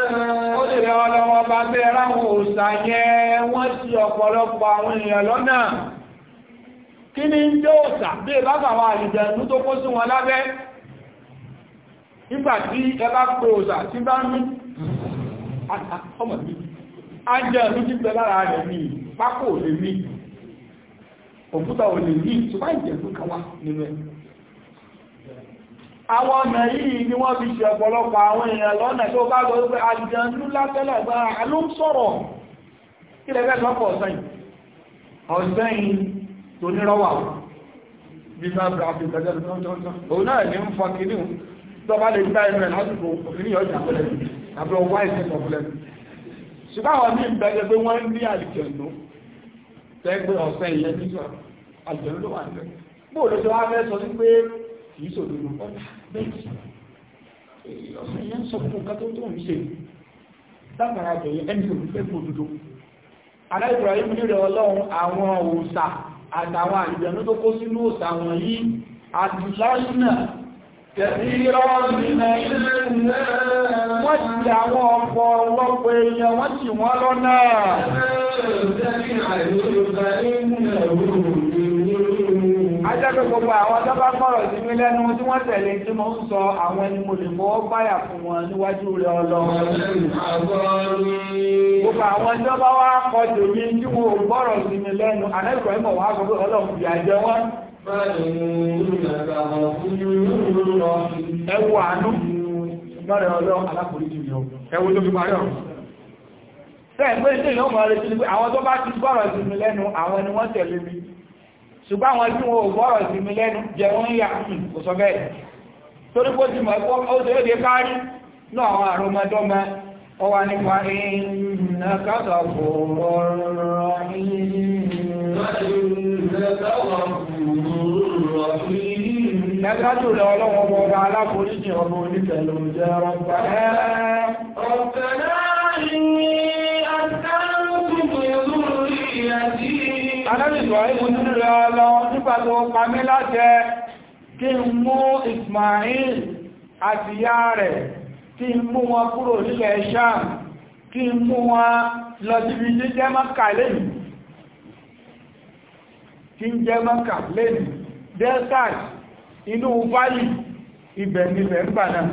ọba bẹ́ẹ̀ ráwọn òòṣà yẹn wọ́n ti ọ̀pọ̀lọpọ̀ àwọn èèyàn lọ́nà kí ni ń jẹ́ òòṣà bí ẹ bá fàwọn àlìjẹ̀nú tó kó sí wọn lábẹ́ nígbà tí ẹ bá tí bá ń mí ajẹ́ẹ̀lú mí àwọn ọ̀nà yìí ni wọ́n fi ṣe ọ̀pọ̀lọpọ̀ àwọn èèyàn lọ́nà tó bá gọ́ pé àjẹ́nú látẹ́lẹ̀gbà ló ń sọ̀rọ̀ kí lẹ́gbẹ́ lọ́pọ̀ ọ̀sẹ́yìn ọ̀sẹ́yìn tó nírọ́wà òun náà ní ń fọ kìíní tó bá lè gbá ẹ̀rọ lásìkò òfin ìyọjà pẹ̀lẹ́ àbúrò wáìsẹ̀ pọ̀pẹ̀lẹ́ ṣùgbọ́n àwọn ní ìbẹ̀rẹ̀ pé wọ́n ní àlìjẹ̀nú tẹ́gbẹ́ ọ̀sẹ̀ ìyẹn nígbà àlìjẹ̀nú ló wà nílẹ̀ bóòlù tó wá fẹ́ sọ sí pé kì í sòdodo ọ̀tá ah, bẹ́ẹ̀ ọ̀sẹ̀ yẹn ń sọ fún nǹkan tó tó ń ṣe látara bẹ̀yẹ ẹni tó fẹ́ fún òdodo aláìbùrọ̀ yìí nílẹ̀ ọlọ́run àwọn òòṣà àtàwọn àlùjànnú tó kó sínú òòṣà wọn yìí àdìláìnà wọ́n ajẹ́pẹ́ gbogbo àwọn tọ́bá kọ̀rọ̀ sí mi lẹ́nu tí wọ́n tẹ̀lé tí mo ń sọ àwọn ẹni mo lè mọ́ báyà fún wọn níwájú rẹ̀ ọlọ́run. gbogbo àwọn tọ́bá wá kọ tèmi tí mo gbọ́rọ̀ sí mi lẹ́nu àlẹ́kọ̀ọ́ ìmọ̀ wá sọ pé ọlọ́run fi àjẹ wọn. ẹ wo àánú lọ́rẹ̀ ọlọ́run alákòóríjì mi o ẹ wo tó fi parí ọ̀run. bẹ́ẹ̀ pé ilé ìlú ọmọ rẹ̀ ti ní pé àwọn tó bá ti gbọ́rọ̀ sí mi lẹ́nu àwọn ẹni wọ́n tẹ̀lé mi ṣùgbọ́n àwọn ẹbí wọn ò gbọ́rọ̀ sí mi lẹ́nu jẹ wọ́n yà hmm, kò sọ bẹ́ẹ̀ torí pé ó ti mọ̀ ẹ̀kọ́ ó ti léde kárí náà àwọn àrọmọdọ́mọ ó wà nípa iná kásà fòrò Nẹ́gbájú rẹ̀ ọlọ́wọ́ ọba aláforíjì ọmọ oníkẹ̀lú jẹ́ ọ̀pẹ̀ẹ́. Ibrahim nínú rẹ̀ lọ nípa tó pàmí láti kí n mú Ismail àti yá rẹ̀ kí n mú wọn kúrò nílẹ̀ Ṣam kí n mú wọn lọ síbi tí jẹ́ Mọ́kà lẹ́nu tí ń jẹ́ Mọ́kà lẹ́nu Deltas inú Bali ibẹ̀ ń bà náà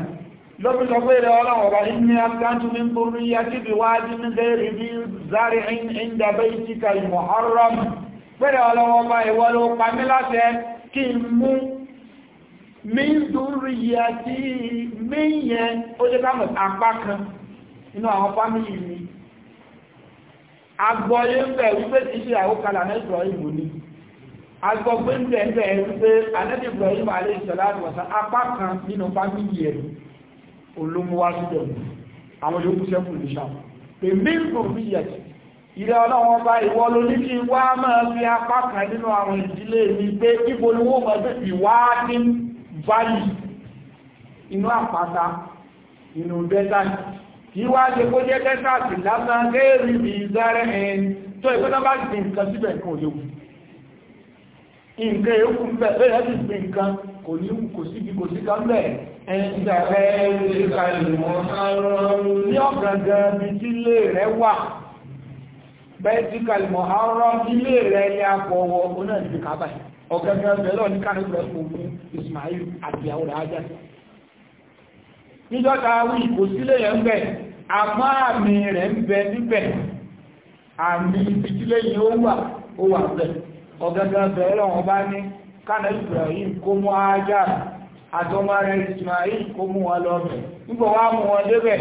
lọ́bí sọ pé rẹ̀ ọlọ́run ọba ní afghantu ní gbórí yá kí bí wájú ní gẹ́rì bí zari ń dàbẹ́ ìtíkà ìmọ̀ haram pẹ́rẹ̀ ọlọ́wọ́ bá ìwọ ló pa mí láṣẹ kí n mú mí ń dúrí àti mí yẹn ó jẹ́ ká mọ̀ apá kan nínú àwọn fámìlì mi agbọ́yé ń bẹ̀ wípé ti ṣe àwókalà ní Ibrahim ní agbọ́gbé ń bẹ̀ bẹ̀ wípé anẹ́bí Ibrahim alayhi salatu wa salam apá kan nínú fámìlì ẹ̀ olómúwá sídẹ̀ àwọn yóò kú sẹ́kù lè ṣàwọn pèmí ń kò rí yàtì ìrẹ́ ọlọ́wọ́n bá ìwọ ló ní kí wá máa fi apá kan nínú àwọn ìdílé mi pé ibo ni wọ́n mọ̀ pé ìwádìí valley inú àpáta inú desert kí wá ṣe kó jẹ́ desert lásán gẹ́ẹ̀rì bí ìzẹ́rẹ́ ẹni tó ìpé náà bá ti gbìn nǹkan síbẹ̀ kò lè wù nǹkan èékù ń bẹ̀ bẹ́ẹ̀ ti gbìn nǹkan kò ní kò síbi kò sí kan bẹ́ẹ̀ ẹni ìgbà rẹ̀ ní ọ̀gàngàn bí tí lè rẹ̀ wà bẹ́ẹ̀tíkàl mọ̀hárọ́ ilé rẹ̀ ilé àfọwọ́ onáàdìdì kábà ọ̀gẹ́gẹ́ bẹ̀rẹ̀ ní káàkiri fòmú Ismail àti àwọn níjọ́ta wí kò sílé yẹn ń bẹ̀ àmọ́ àmì rẹ̀ ń bẹ níbẹ̀ àmì ìdílé yìí ó wà ó wà bẹ̀ ọ̀gẹ́gẹ́ bẹ̀rẹ̀ wọn bá ní kó mú rẹ̀ Ismail kó mú wọn lọ bẹ̀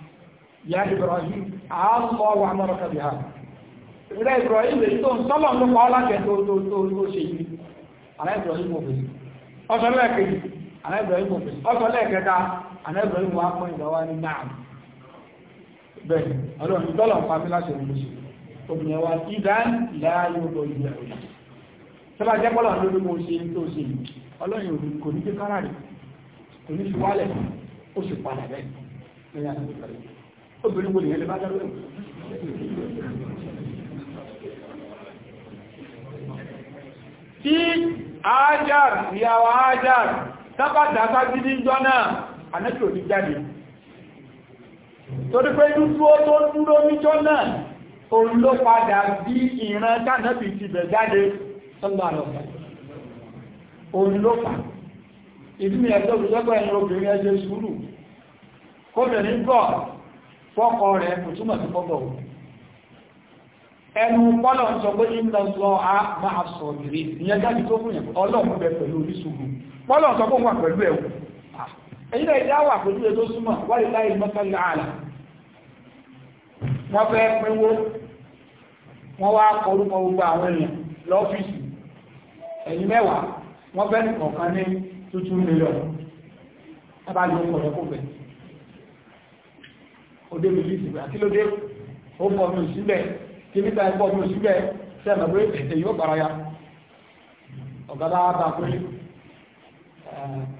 ya Ibrahim àálọ́ wà mọ́rọ̀kà bí ha rẹ̀ Ibrahim èyí tó ń tọ́lọ̀ ló pa ọ́lájẹ́ tó tó tó tó ṣe yìí àná Ibrahim òfin ọsọ lẹ́ẹ̀kejì àná Ibrahim òfin ọsọ lẹ́ẹ̀kẹta àná Ibrahim wà pọ̀ ìgbà wa ní náà bẹ́ẹ̀ ọlọ́run tọ́lọ̀ ń pa mí láṣẹ ìmúṣe obìnrin wa ìdán láàyò lọ ilẹ̀ òyìn tọ́lá jẹ́ pọ́lọ̀ lórí mo ṣe tó ṣe ọlọ́run òbí kò ní kí kára rẹ̀ kò ní fi wálẹ̀ ó sì padà bẹ́ẹ̀ lẹ́yìn àti ìgbàlejò obìnrin wòlè ẹlẹ́bá dáró ẹ̀ tí ájàr ìyàwó ájàr tábàtà sájídí jọ náà anẹ́kì òní jáde torí pé dúdúó tó dúró níjọ́ náà òun ló padà bí ìran tánàbì ti bẹ̀ jáde sọ́lọ́lọ́pàá òun ló pàá ìdí ni ẹ̀tọ́ òṣèlú ẹgbẹ̀rin obìnrin ẹjẹ́ sùúrù kóbìnrin gọ́ọ̀ fọ́kọ rẹ̀ kò túmọ̀ sí fọ́kọ rẹ̀ ẹnu pọ́lọ̀ ń sọ pé ìlọ́sọ a máa sọ ìrí ìyẹn jáde tó fún ìyẹn ọlọ́run bẹ pẹ̀lú oríṣùgbù pọ́lọ̀ sọ pé wà pẹ̀lú ẹ̀wù èyí náà ìdá wà pẹ̀lú ẹ̀ tó súnmọ̀ wáyé láì mọ́sánlẹ̀ ààlà wọ́n fẹ́ pínwó wọ́n wá kọrúkọ gbogbo àwọn èèyàn ní tútù mílíọ̀nù òde lòlí ìsìnkú àti lóde ó mọ mi síbẹ̀ kí níta ẹ̀kọ́ mi síbẹ̀ sẹ́nà pé ètè yóò bára ya ọ̀gá bá bá pé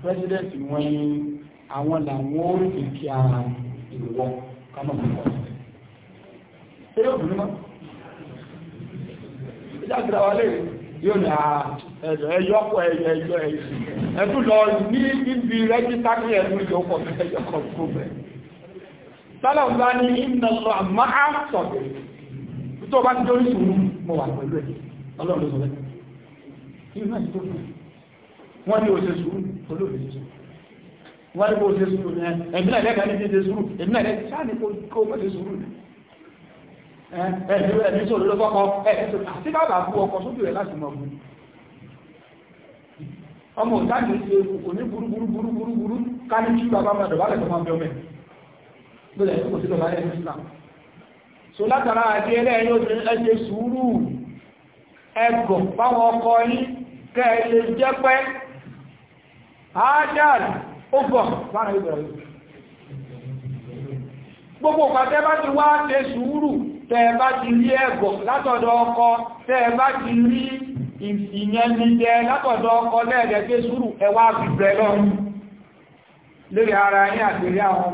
pẹ́sidẹ́ntì wọn ni àwọn làwọn ó fi kí ara ìwọ kámọ́ mi kọ́ sílẹ̀. ṣé yóò dùn mọ́? ìjà àti àwọn alẹ́ yóò ní ẹ̀yọ́ ọkọ̀ ẹ̀yọ́ ẹ̀yọ́ ẹ̀yọ́ ẹ̀tún lọ ní ibi rẹ́jísítà ní ẹ̀dùn ìjọ ọkọ̀ ẹ̀yọ́ ọkọ̀ gbogbo ẹ̀ tọ́lọ̀ bá ní iná lọ máa sọ̀tẹ̀ tó bá ti dórí sùúrù mọ̀ wà pẹ̀lú ẹ̀ ọlọ́run ló sọ bẹ́ẹ̀ inú náà ti tó fún wọn ní òṣè sùúrù olóòrè ti sùúrù wọn ní òṣè sùúrù ní ẹ̀mí náà lẹ́ka ní ti sùúrù ẹ̀mí náà lẹ́ka sáà ní kó o pẹ̀lú sùúrù ẹ̀mí ẹ̀mí sọ̀rọ̀ ló fọ́kọ ẹ̀mí sọ̀rọ̀ àti bàbá bu ọkọ̀ sókè rẹ̀ láti mọ̀ bu ọmọ òtáàkì ń ṣe oníburúburúburúburú ká ní bàbá máa dọ̀bálẹ̀ tó máa ọmọ ẹ̀ ló lẹ̀ kó sílọ̀ láyé islam so látara àti sùúrù báwọn ọkọ yín kẹ́ẹ̀lẹ́ jẹ́pẹ́ ádáàlì ó ìbẹ̀rẹ̀ gbogbo pàtẹ́ bá ti wá ṣe sùúrù bá ti rí ẹgbọ̀n látọ̀dọ̀ ọkọ tẹ́ẹ̀ bá ti rí ìyẹn ní jẹ ọkọ lẹ́ẹ̀dẹ̀ pé sùúrù ẹwà fi lọ́rùn lórí ara yín àwọn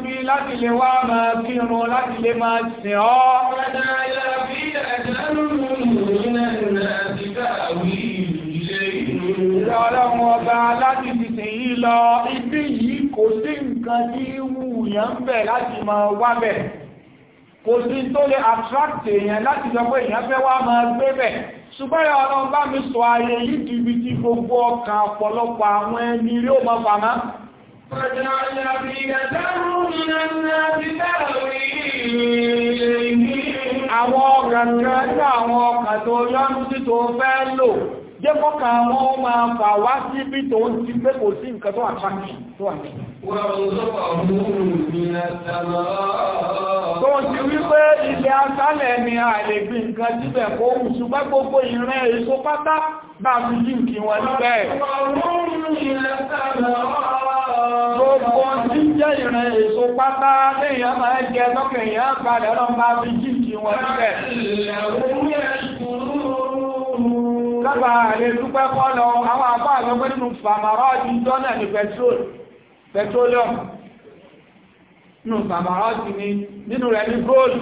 láti lè wá máa kírun láti lè máa sìn ọ́. Ọlọ́run ọba láti fi sìn yí lọ, ibi yìí kò sí nǹkan tí wùyàn ń bẹ̀ láti máa wá bẹ̀. Kò sí tó lè attract èèyàn láti sọ pé èèyàn fẹ́ wá máa gbé bẹ̀ ṣùgbọ́n ọ̀rọ̀ mi sọ ayé yìí di ibi tí gbogbo ọkàn ọ̀pọ̀lọpọ̀ àwọn ẹni rí ó mọ́ fàmá فاجعلنا فيدة من الناس تهوي Àwọn ọ̀rọ̀ kan ní àwọn ọkà tó yọ́nú sí tó fẹ́ lò, jẹ́ kọ́kà wọn ó máa fà wá sí bí tó ń ti pé kò sí nǹkan tó àtàkì tó wà ní. Tó ń ti wípé ilẹ̀ asálẹ̀ ni àìlègbì nǹkan síbẹ̀ kó ń ṣùgbẹ́ gbogbo ìrìn èso pátá bá fi yí kí wọ́n níbẹ̀ gbogbo tí jẹ́ ìrìn èso pátá léèyàn máa jẹ lọ́kẹ̀yàn padà lọ bá fi yí kí wọ́n níbẹ̀ lábà lè dúpẹ́ kọ́ lọ àwọn àbá àgbẹ́gbẹ́ nínú fàmàrà ọdún jọ́nà ní petroleum nínú fàmàrà ọdún nínú rẹ̀ ní gold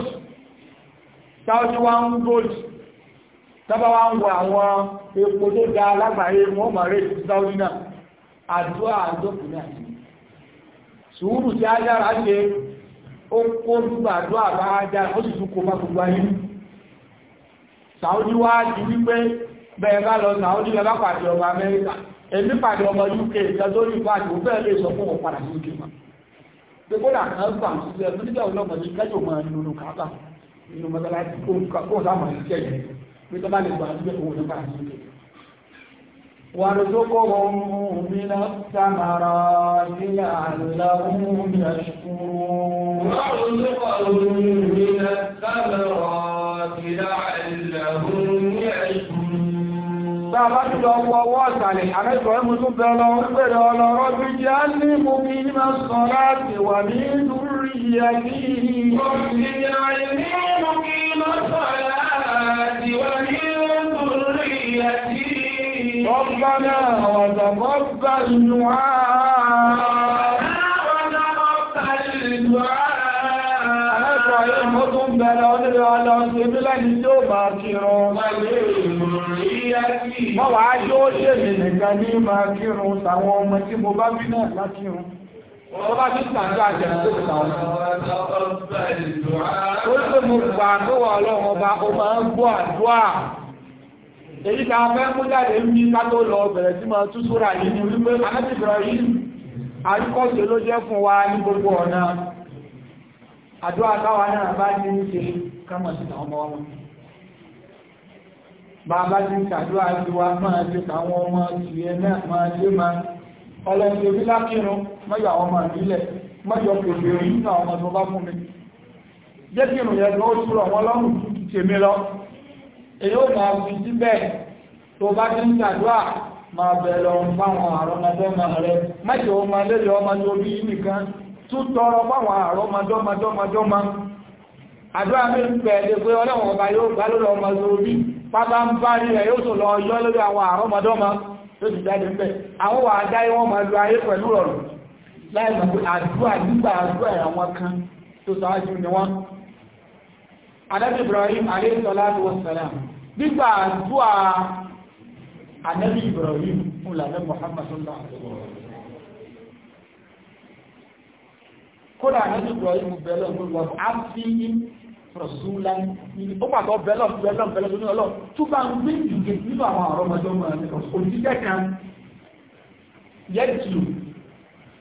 Saudi gold tọ́bá wá ń wọ àwọn epo tó ga lágbàáyé wọ́n mọ̀ rẹ̀ sáwọn náà àdúrà àdókù náà sùúrù tí a yára ṣe ó kó nígbà àdúrà bá dá ó sì tún kó bá gbogbo ayé sàódì wá di wípé bẹ́ẹ̀ bá lọ sàódì lọ bá pàdé ọmọ amẹ́ríkà èmi pàdé ọmọ uk ìtọ́jú ìpàdé ó bẹ́ẹ̀ lè sọ fún wọn sí uk mọ́ gbogbo náà kan gbà sílẹ̀ nígbà ọlọ́mọdé kẹjọ máa nínú kábà nínú mọ́tàlá kó sáà máa ń ṣẹ̀yẹ̀ pé tó bá lè gbà síbẹ̀ òun nípa àdúgbò وارزقهم من الثمرات لعلهم يشكرون وارزقهم من الثمرات لعلهم يشكرون Bàbá ti lọ wọ ọwọ́ ọ̀sàlẹ̀, àmẹ́sọ̀ ẹmú tún bẹ lọ ń pèrè ọlọ́rọ̀ bí jẹ́ á ní mú kí ní máa sọ láti wà ní ìdúrí ìyàkí. Òṣìṣẹ́ àìní mú kí ní máa sọ láti. ربنا وتقبل دعاء Ọdún bẹ̀rẹ̀ onílẹ̀ ọlọ́sí bílẹ̀ni tí ó bá kírun. Mọ́wàá yóò ṣèmì nìkan ní máa kírun tàwọn ọmọ tí mo bá bí náà lákírun. Tọ́ba ti tàǹdà jẹ́ tó ti tàwọn. Ó lè mú gbà tó wà ọlọ́run ọba, ó máa ń gbọ́ àdúrà. Èyí ta fẹ́ mú jáde ń bí ká tó lọ bẹ̀rẹ̀ sí máa tú sóra yìí ní wípé Anábì Ibrahim àríkọ́ṣe ló jẹ́ fún wa ní gbogbo ọ̀nà. Àdúrà táwa náà bá ní ń ṣe kámọ̀ sí àwọn ọmọ wọn. Bàbá ti ń ṣàdúrà sí wa máa ṣe àwọn ọmọ tìyẹ náà máa ṣe máa. Ọlọ́run ti rí lákìrún mọ́yà ọmọ ìbílẹ̀ mọ́yà kèfè rí nínú àwọn ọmọ fún mi jẹ́ kí ìrùn yẹn wọn lọ́rùn lọ èyí ò máa fi síbẹ̀ tó bá ti ń máa lọ fáwọn rẹ ọmọ tó nìkan tún tọrọ fáwọn àdúrà mi ń pé ọlọ́wọ̀n ọba yóò gbá lórí bá rí rẹ̀ yóò lọ yọ lórí àwọn láì mọ̀ pé àdúrà nígbà àdúrà àwọn kan tó sáájú ni wọ́n anábì Ibrahim alayhi salatu wassalam nígbà àdúrà anábì Ibrahim fún lànà Muhammad sallallahu alaihi wasallam kódà anábì Ibrahim bẹ̀rẹ̀ ọgbọ̀n àti rọ̀súnlá ó pàtó bẹ́lọ̀ bẹ́lọ̀ bẹ́lọ̀ tó ní ọlọ́ tó bá ń gbé ìgbè nínú àwọn àrọ́mọdé ọmọ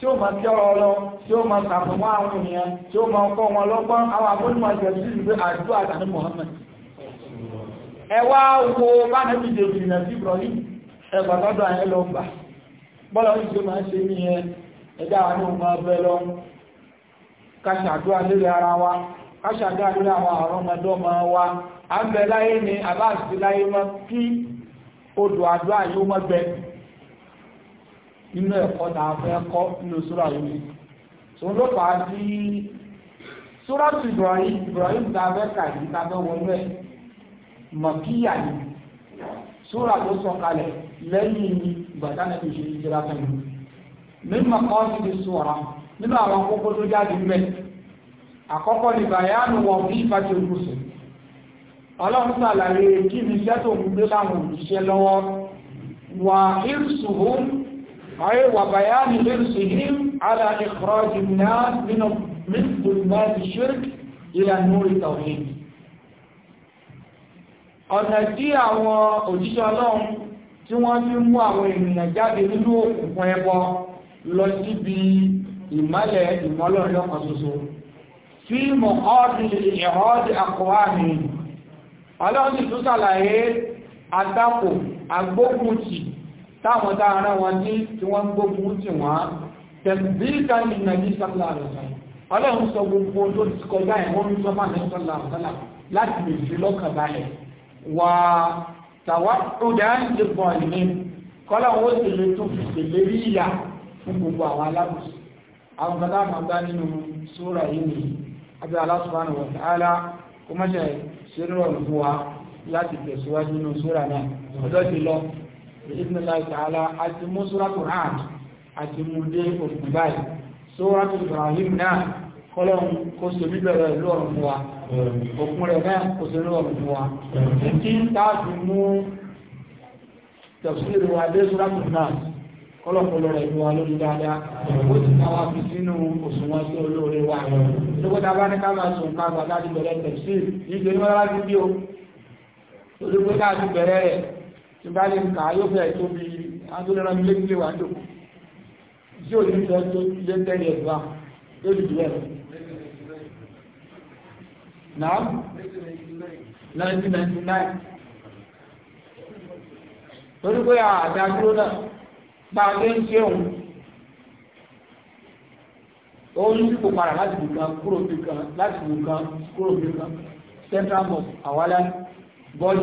tí ó máa tẹ́ ọrọ lọ tí ó máa sàfùnmọ́ àwọn ènìyàn tí ó máa kọ́ wọn lọ́gbọ́n àwọn abónímọ̀ ìjọsí ìwé àdúrà àtàní Muhammad ẹ wo bánẹ́bí dèbì nà sí Ibrahim ẹgbà lọ́dọ̀ lọ gbà ní máa ṣe ní àwọn máa bẹ lọ wa àwọn ọmọdé ọmọ wa à ń bẹ láyé láyé kí odò nínú ẹ̀kọ́ tá a fẹ́ kọ́ nínú sóra yìí tó ló fà sí sóra tó Ibrahim Ibrahim tá a fẹ́ kà yìí tá a fẹ́ wọnú ẹ̀ mọ̀kíyà ni sóra tó sọ kalẹ̀ lẹ́yìn ìgbàdá náà tó ṣe ìjọba kan yìí kọ́ sí ti sọ̀ra nínú àwọn kókó tó jáde mẹ́ àkọ́kọ́ ni bàyánù wọn bí ìfàtí olùsọ ọlọ́run sàlàyé kí ni iṣẹ́ tó ń gbé láwọn òṣìṣẹ́ lọ́wọ́ wà ìrùsùn أي وبيان حرصهم على إخراج الناس من من ظلمات الشرك إلى نور التوحيد ọ̀nà tí àwọn òjíṣẹ́ ọlọ́run tí wọ́n fi mú àwọn ènìyàn jáde nínú òkùnkùn ẹbọ lọ síbi ìmọ́lẹ̀ ìmọ́lọ́run lọ́kan ṣoṣo fi mọ̀ ọ́dún ìhọ́dún àkọwà mi ọlọ́run ti tún ṣàlàyé àtakò agbókùn tì táwọn dáadáa wọn ní tí wọ́n gbógun tì wọ́n tẹ̀síkà ní nàìjí sọ́lá rẹ̀ ọlọ́run sọ gbogbo tó ti kọjá ẹ̀ wọ́n ń sọ máa ní sọ́lá rẹ̀ láti lè fi lọ́kàn balẹ̀ wà tàwa ó dá ń lè bọ̀ ní kọ́láwọn ó sì lè tún fi tèlé rí ìyà fún gbogbo àwọn alábùsù àwọn kan láàmà bá nínú sóra yìí ni abẹ́ Allah subhanahu wa ta'ala kó mọ́ṣẹ́ ṣe rọrùn fún wa láti tẹ̀síwájú nínú sóra náà ọjọ́ ti lọ ìdíbìnà láìtàálá àti mú súrátù hàn àti mú dé òkùn báyìí súrátù Ibrahim náà kọ́lọ́run kó so níbẹ̀rẹ̀ ìlú ọ̀rùn fún wa òkun rẹ̀ náà kó so ní ọ̀rùn fún wa tí táàbì mú tẹ̀sílẹ̀ wa dé súrátù náà kọlọpọlọ rẹ ló wa lórí dáadáa ó ti ká wa fi sínú òṣùwọ̀n tí bá lè kà yóò fẹ́ tó bí adúlẹ́rán ilé ilé wà jò tí ò ní fẹ́ tó ilé tẹ́lẹ̀ ẹ̀dùn à lórí ìlú ẹ̀rọ. Náà 1999 torí pé àdádúró náà bá a lé ń ṣe òun ó ń dìbò padà láti bù kúrò bí láti bù kúrò bí central mosque àwálá bọ́ọ̀lù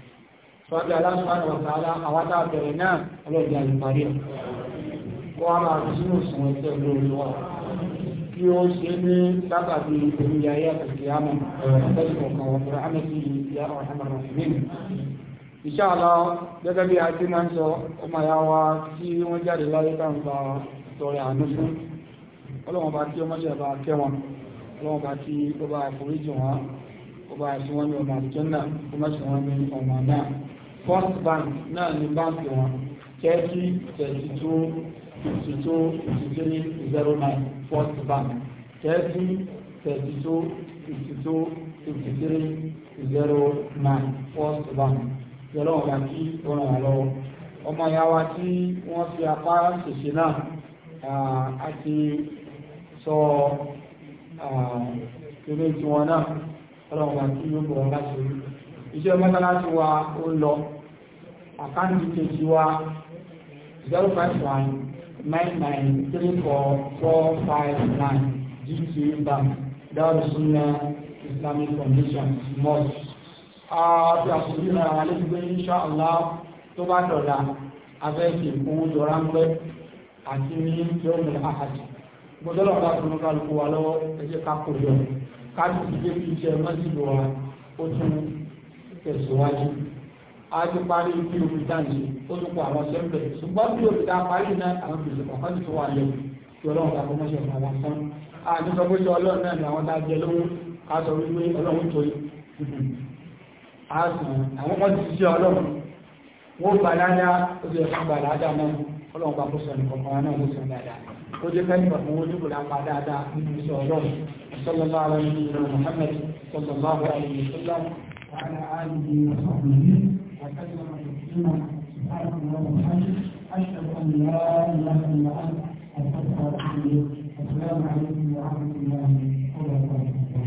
sọ́jọ́ aláṣọ́nà ọ̀tàlá àwátà bẹ̀rẹ̀ náà ọlọ́dẹ àyíparí ẹ̀ wọ́n máa fi sínú sùn ẹ̀tẹ́ lórí wa kí ó ṣe ní sábàbí omi ayé àtàkì àmà ọ̀tẹ́sùn ọ̀kan wọn fẹ́rẹ̀ ìyá ọ̀hánà rọ̀fìmìn Insha Allah gẹ́gẹ́ bí a ti máa ń sọ ọmọ ìyá wa tí wọ́n jáde láyé tá ń gba tọrẹ àánú fún ọlọ́wọ́n bá tí ọmọ ṣẹ̀ bá kẹ́ wọn ọlọ́wọ́n bá tí ó bá foríjì first bank náà ní báńkì wọn thirty thirty two fifty two fifty three zero nine first bank thirty thirty two fifty two fifty three zero nine first bank yọlọ́ wọn bá kí wọn rà lọ́wọ́ ọmọ ìyá wa tí wọ́n fi apá ṣèṣe náà àti sọ kéré tiwọn náà ọlọ́run bá kí yóò bọ̀ wọ́n láti rí iṣẹ́ mọ́sálásí wa ó lọ àkáǹtì kejì wa zero five one nine nine three four four five nine GT bank dáwọ́sùnà Islamic Foundation mosque. àti àṣírí náà wà lẹ́gbẹ́ insha Allah tó bá dọ̀la afẹ́ẹ̀kì fún jọra ń pẹ́ àti ní yọ́mùn àhàjì gbọ́dọ̀lọ́ bá tún kálukú wa lọ́wọ́ ẹjẹ́ ká kò yọ ká fi jẹ́ kí ó tún tẹ̀síwájú ájú parí kí omi dáǹdì ó tún kọ àwọn sẹ́ńpẹ̀ ṣùgbọ́n bí omi dá parí náà àwọn gbèsè kọ̀ọ̀kan ti tó wà lẹ́wọ̀ kí ọlọ́run ta fọmọ́ṣẹ́ fún àwọn sán àti sọ pé ṣe ọlọ́run náà ni àwọn tá a jẹ lówó ká sọ wípé ọlọ́run tó yẹ àásùn àwọn ọmọ ti ṣiṣẹ́ ọlọ́run wọ́n gbàdájá ó ti ẹ̀fọ́ gbàdájá náà ọlọ́run bá kó sọ ní kọ̀ọ̀kan náà ló sọ dáadáa ó jẹ́ fẹ́ nípa fún وعلى آله وصحبه وسلم تسليما سبحانه اللهم أشهد أن لا إله إلا أنت أستغفرك السلام عليكم ورحمة الله وبركاته